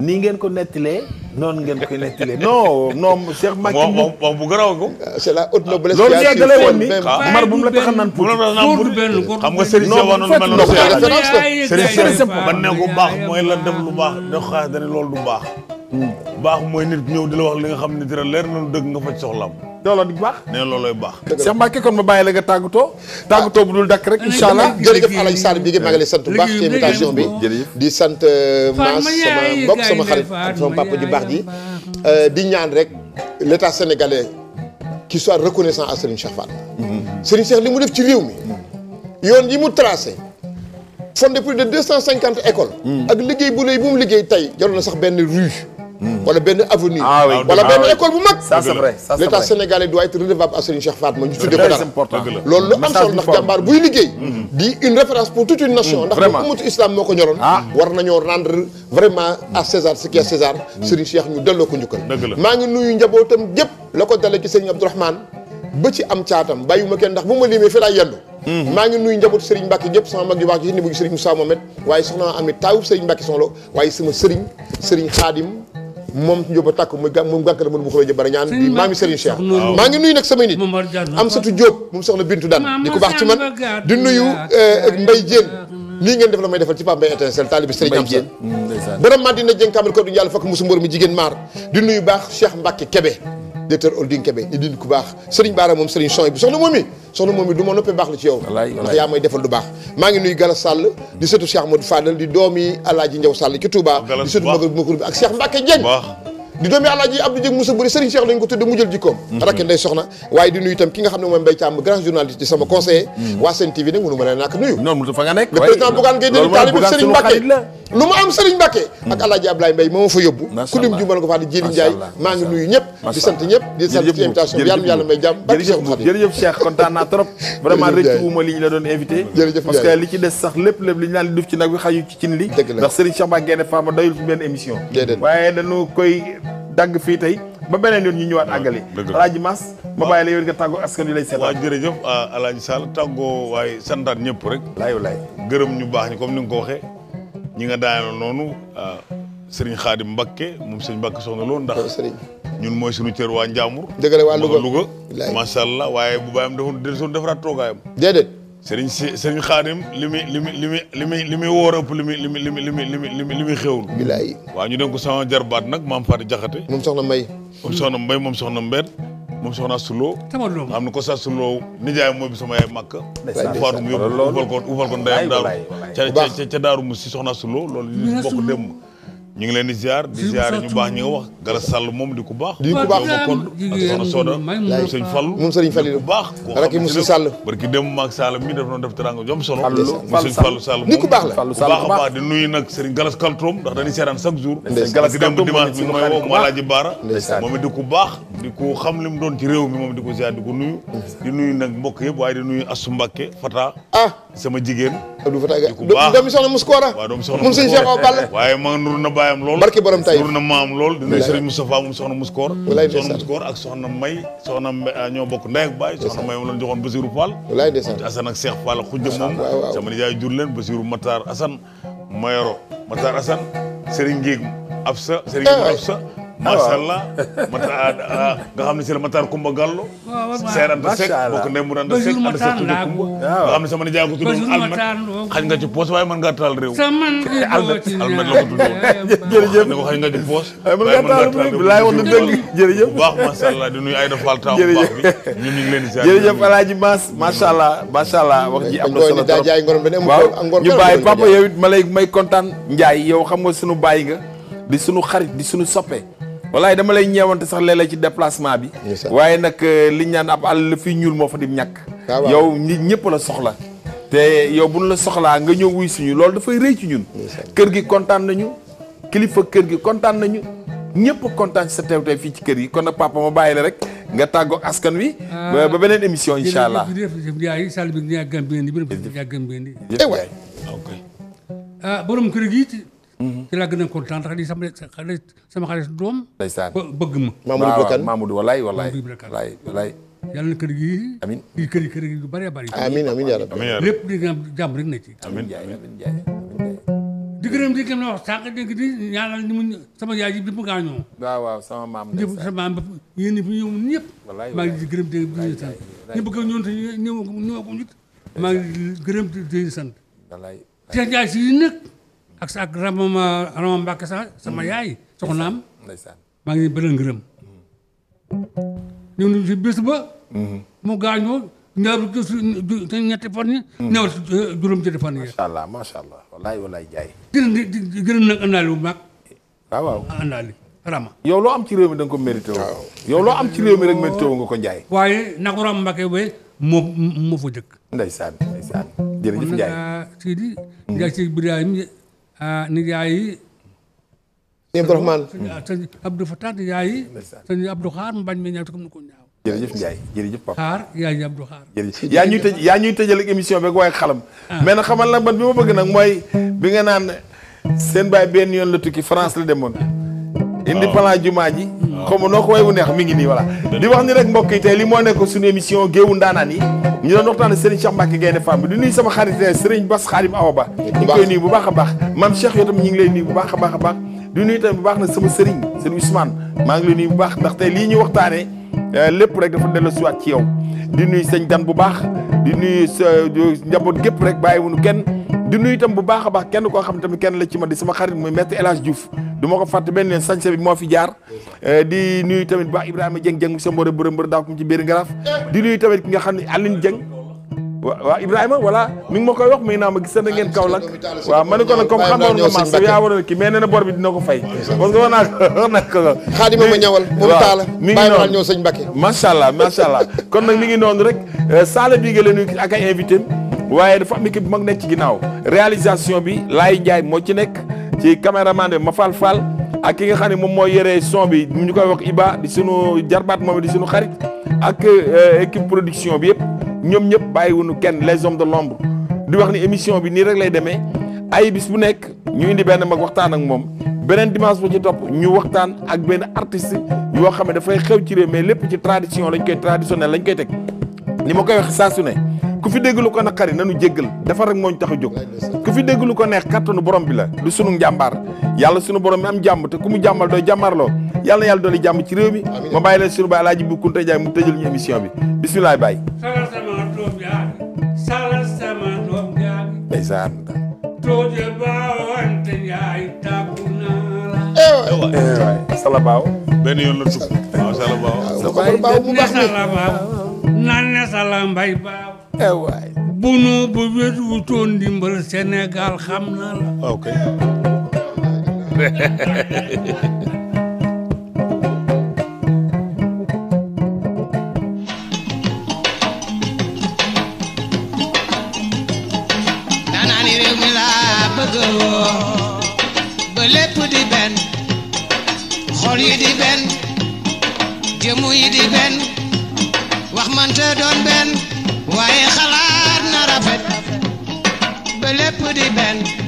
nii ngeen ko nettalee noonu ngeen koy nettalee non non Cheikh Macky. bu garaw ko. c'est la haute noblesse. loolu yeggale woon ni mar bu mu la tax naan pour. xam nga Serigne Seck wax na lu mel noonu. Serigne Seck man ne ko baax mooy la def lu baax def xaalis loolu du bah moy nit ñew di la wax li nga xamni dara leer na dëgg nga faj soxlaam. looloo di baax nee looloy baax. dëgg Cheikh Mbacke kon ma baye la nga taguto taguto bu dul dak rek inshallah allah. jërëjëf Alaaji Sall bi nga maa ngi lay sant bu baax ci invitation bi. di sant euh, Mass sama bok sama xarit sama papa ju di euh di ñaan rek l'état sénégalais qui soit reconnaissant à Serigne Cheikh Fall. Mm-hmm. Serigne Cheikh limu def ci réew mi. Mm-hmm. yoon yi mu tracé. fondé plus de 250 écoles. Mm-hmm. ak liggéey bu lay bu mu liggéey tay jaroon sax ben rue. Hmm. wala benn avenue. Ah wala benn ah école bu mag. ça c'est vrai ça c'est vrai l'état sénégalais doit être redevable à Serigne Cheikh Fatma ñu tuddee ko dara. loolu lu am solo ndax jàmbaar buy liggéey. Hmm. di une référence pour toute une nation. Hmm. ndax bu umatu islam moo ko ñoroon. Ah. war nañoo rendre vraiment à César ce qui est César. Serigne Cheikh ñu delloo ko njukkal. maa ngi nuyu njabootam gépp la ko dalee ci Serigne Abdourahmane ba ci am caatam bàyyiwuma kenn ndax bu limé fi la yellu ma ngi nuyu njabootu Serigne Mbacke yëpp sama mag yu baax ji ni bu Serigne Moussa Mohamed waye soxna am ni Serigne Mbacke soxla waye sama Serigne Serigne Khadim moom Jóob takk mu gà moom gànk la mën mu xuree jëbara ñaan maami Serigne Cheikh maa ngi nuyu nag samay nit am satu Jóob moom soxna Bintu daan di ko baax ci man di nuyu Mbay Jéen nii ngeen def la may defal ci Pape Mbaye étincelle taalibi Serigne am mm, seen borom maa dina jëng kaamel ko du yàlla fakk musu mbor mi jigéen maar di nuyu baax Cheikh Mbacke Kebe directeur holding Kébé di nit ku baax Serigne Baara moom Serigne Son bu soxna moom mi soxna noppee baax la ci yow ndax yaa may defal du baax maa ngi nuy Gala Sall di sëtu Cheikh Modou Fadal di doomi Alaaji Ndiaw Sall ci Touba Buri Serigne Cheikh lañ ko tudde mu jël jikkoom mhm. nday soxna waaye di nuyu itam ki nga xam ne mooy Mbaye Thiam grand journaliste di sama conseiller mhm. waa Sen TV nag mënu ma ne nak nuyu le président Bougane Gueye Dany taalibe Serigne Mbacke lu mu am Serigne Mbacké mm. ak Alaaji Ablaye Mbaye moo ma fa yóbbu ku lim juumal ko fa di la doon invité jërëjëf parce que li ci des sax lépp lépp li ñu naan li duf ci nag bi xaju ci cin li ndax Serigne Cheikh Mbacké Gaïndé Fatma doyul ci ñu ñëwaat ah, àggali alaaji Mas ma bàyyi la yow nga tàggoo askan wi lay seetaan waaw jërëjëf ah, alaaji waaye santaat ñëpp rek laay laay gërëm ñu baax ñi comme ni nga ko waxee ñi nga daaneel noonu euh, Serigne Khadim Mbakke moom sëñ Mbakke soxna loon ndax. ñun mooy suñu cër waa Njàmbur. dëgg la waa Louga Louga. macha waaye bu bàyyam defoon de son defaraat toogaayam. déedéet. seriñ si Serigne Khadim li muy li muy li muy li muy wóor ëpp li muy li muy li muy li muy li muy li muy xéwul. bilaay. waaw ñu dénk ko sama jarbaat nag maam Fatou Diakhaté. moom soxna Mbaye. moom soxna Mbaye moom soxna Mbette. moom soxna Suloo. tamit loolu am na ko sa Suloo nijaay mooy bi sama yaay màkk. faatu mu yóbbu ubal ko ubal ko ndeyam daaru ca ca daaru mu si soxna Suloo loolu bokk dem ñu ngi leen di ziar di ziar ñu baax ñu wax Gala Sall moom di ku baax di ku baax ko soxna Soda moom sëñ baax rek Moussa Sall barki dem maag Sall mi def noonu def teranga jom solo sëñ Fallu Sall moom ku baax la a baax di nuyu nag sëriñ Galas Kaltoom ndax dañuy seetaan chaque jour di ku baax li mu doon ci réew mi moom di ko ziar di ko nuyu mm. di nuyu nag mbokk yëpp waaye di nuyu Assou Mbacké Fata ah sama jigéen. du fa tàggat doomi soxna Muskoora. waaw doomi soxna Muskoora moom waaye ma nur na baayam lool. barki borom tay nur na maam lool. walaay dina sëriñ Moustapha moom soxna Muskoor. walaay soxna Muskoor ak soxna May. soxna ah, ñoo bokk ndey ak baay. soxna May moom la ñu joxoon Basirou Fall. walaay ndeysaan Assane ak Cheikh Fall xujja moom. sama nijaay jur leen Basirou Matar Assane Mayoro Matar Assane Serigne Ngéeg Absa Serigne Absa Masalah, masalah, masalah, nga masalah, masalah, masalah, masalah, Matar Kumba Gallo masalah, masalah, masalah, masalah, masalah, masalah, masalah, masalah, masalah, masalah, masalah, Kumba nga masalah, masalah, sama masalah, masalah, masalah, masalah, masalah, nga ci masalah, masalah, masalah, masalah, masalah, masalah, masalah, masalah, la ko masalah, masalah, ne ko masalah, nga ci masalah, masalah, masalah, masalah, masalah, masalah, masalah, masalah, masalah, masalah, masalah, masalah, masalah macha allah di nuyu taw bu bi ñun ñu leen di ziar jërëjëf alaaji Maas macha allah wax ji am na solo trop waaw ñu bàyyi papa yow ya, it ma may kontaan Njaay yow xam nga sunu bàyyi nga di sunu xarit di sunu soppe walaay dama lay ñeewante sax léeg-léeg ci déplacement bi waaye nag euh, liñ naan ab àll fii ñuul moo fa di ñàkk ah, yow nit ñëpp la soxla te yow buñ la soxlaa nga ñëw wuy suñu loolu dafay rëy ci ñun kër gi kontaan nañu kilifa kër gi kontaan nañu ñëpp kontaan ci sa teew tey fii ci kër gi kon nag papa ma bàyyi la rek nga tàggoog askan wi. ba ah. beneen émission incha allah. jërëjëf sall bi ñu ngi gàm bi ngeen di. jërëjëf jërëjëf ah, ah borom kër gi Mm-hmm. ci laa gën a kontaan ndax di sama xale sama xale doom. ndeysaan bëgg ma. Mamadou Bakane Mamadou walaay walaay walaay walaay. yàlla na kër gi. amiin kii kër yi kër yi lu bëree bëri. amiin amiin yàlla lépp di nga jàmm rek na ci. amiin amiin jaay di gërëm di gëm la wax sànq dégg di ñaanal ni mu sama yaay ji bi mu gaañoo. waaw waaw sama maam ñëpp sama maam yéen ñi fi ñëw ñëpp. maa ngi di gërëm di di sant ñu bëgg ñoon te ñëw ñëw ko njut maa ngi gërëm di di sant. Cheikh Ndiaye si nag ak sa ak ma Rama Mbacke sa sama mm. yaay soxnaam. ndeysaan maa ngi bëri ngërëm. Mm. ñëw nañu si bés ba. Mm-hmm. mu gaañoo ñaar ñetti fan yi. Mm. ñëw juróom-ñetti fan yi. macha allah macha allah walaay a gën a nag àndaale bu mag. Ah, yow loo am ci réew mi da nga woo. yow loo am ci réew mi rek mérité woo nga ko Ndiaye. waaye naka Rama Mbacke bee moo moo fa jëkk. ndeysaan ndeysaan jërëjëf Ndiaye kon nag ah, Ah, nijaay yi. sëñ Abdou Rahman sëñ Abdou Fatah nijaay yi. sëñ Abdou Xaar mu bañ ma ñaata comme ni ko ñaaw. jërëjëf Ndiaye jërëjëf Pape Xaar yaa ngi Abdou Xaar. jërëjëf yaa ñuy tëj yaa ñuy tëjal ak émission beeg waaye xalam. Ah. mais nag xamal la man bi ma bëgg nag mooy bi nga naan seen baay benn yoon la tukki France la demoon. indi plan jumaa ji xaw ma noo ko way wu neex mi ngi nii voilà di wax ni rek mbokk yi tey li moo nekk suñu émission géewu ndaanaan yi ñu doon waxtaan Serigne Cheikh Mbacke Gaynde Fatma di nuyu sama xarit eh, Serigne Awa Ba ñu bu baax a baax maam Cheikh yoo tam ñu ngi lay nuyu bu baax a baax a baax di nuyu tamit bu baax na sama Serigne Serigne Ousmane maa ngi lay nuyu bu baax ndax tey lii ñu waxtaanee eh, lépp rek dafa dellu siwaat ci yaw di nuyu sëñ Dan bu baax di nuyu njaboot gépp rek bàyyiwuñu kenn di nuyu itam bu baax a baax kenn koo xam tamit kenn la ci ma di sama xarit muy maître El Hadj Diouf du ma ko fàtte benn yoon sañse bi moo fi jaar euh, di nuyu tamit bu baax Ibrahima Dieng Dieng sa mbooloo bërëm bërëm daaw ko ki nga xam ne Aline Dieng waaw Ibrahima voilà mi ngi ma koy wax muy naa ma gis na ngeen Kaolack waaw ma nag ma sax yaa waroon kii mais nee bor bi dina ko fay parce que ñawal moom taala mi ngi noonu ñëw sëñ Mbacké macha allah macha allah kon nag mi ngi noonu rek euh, sala bi nga leen nuyu ak ay invité waaye dafa am équipe bu mag nekk ci ginnaaw réalisation bi Laay Njaay moo ci nekk ci caméraman bi ma faal fal ak ki nga xam ne moom mooy yore son bi mu ñu koy wax ibaa di sunu jarbaat moom di sunu xarit ak euh, équipe production bi yëpp ñoom ñëpp bàyyiwuñu kenn les hommes de l'ombre di wax ni émission bi nii rek lay demee ay bis bu nekk ñu indi benn mag waxtaan ak moom beneen dimanche bu ci topp ñu waxtaan ak benn artiste yoo xam ne dafay xew ci réew mais lépp ci tradition lañ koy traditionnel lañ koy teg ni ma koy wax saa su ku fi dégg lu ko naqari nanu jéggal dafa rek moo ñu tax a ku fi dégg ko neex kattanu borom bi la du sunu njàmbaar yàlla sunu borom mi am jàmm te ku mu jàmmal dooy jàmmarloo yàlla na yàlla dooli jàmm ci réew mi ma bàyyi leen sunu baay alaaji bu kunta jaay mu tëjal ñu émission bi bisimilah baay sala sama doom jaabi eh eh sala baaw benn yoon la tukk eh. waaw sala baaw sala baaw mu baax baaw ewaay eh, bunoo ba wet wutoon ndimbal Sénégal xam na la ok xol yi di benn jëmu yi di benn wax man doon benn waaye xalaat na rafet ba lépp di benn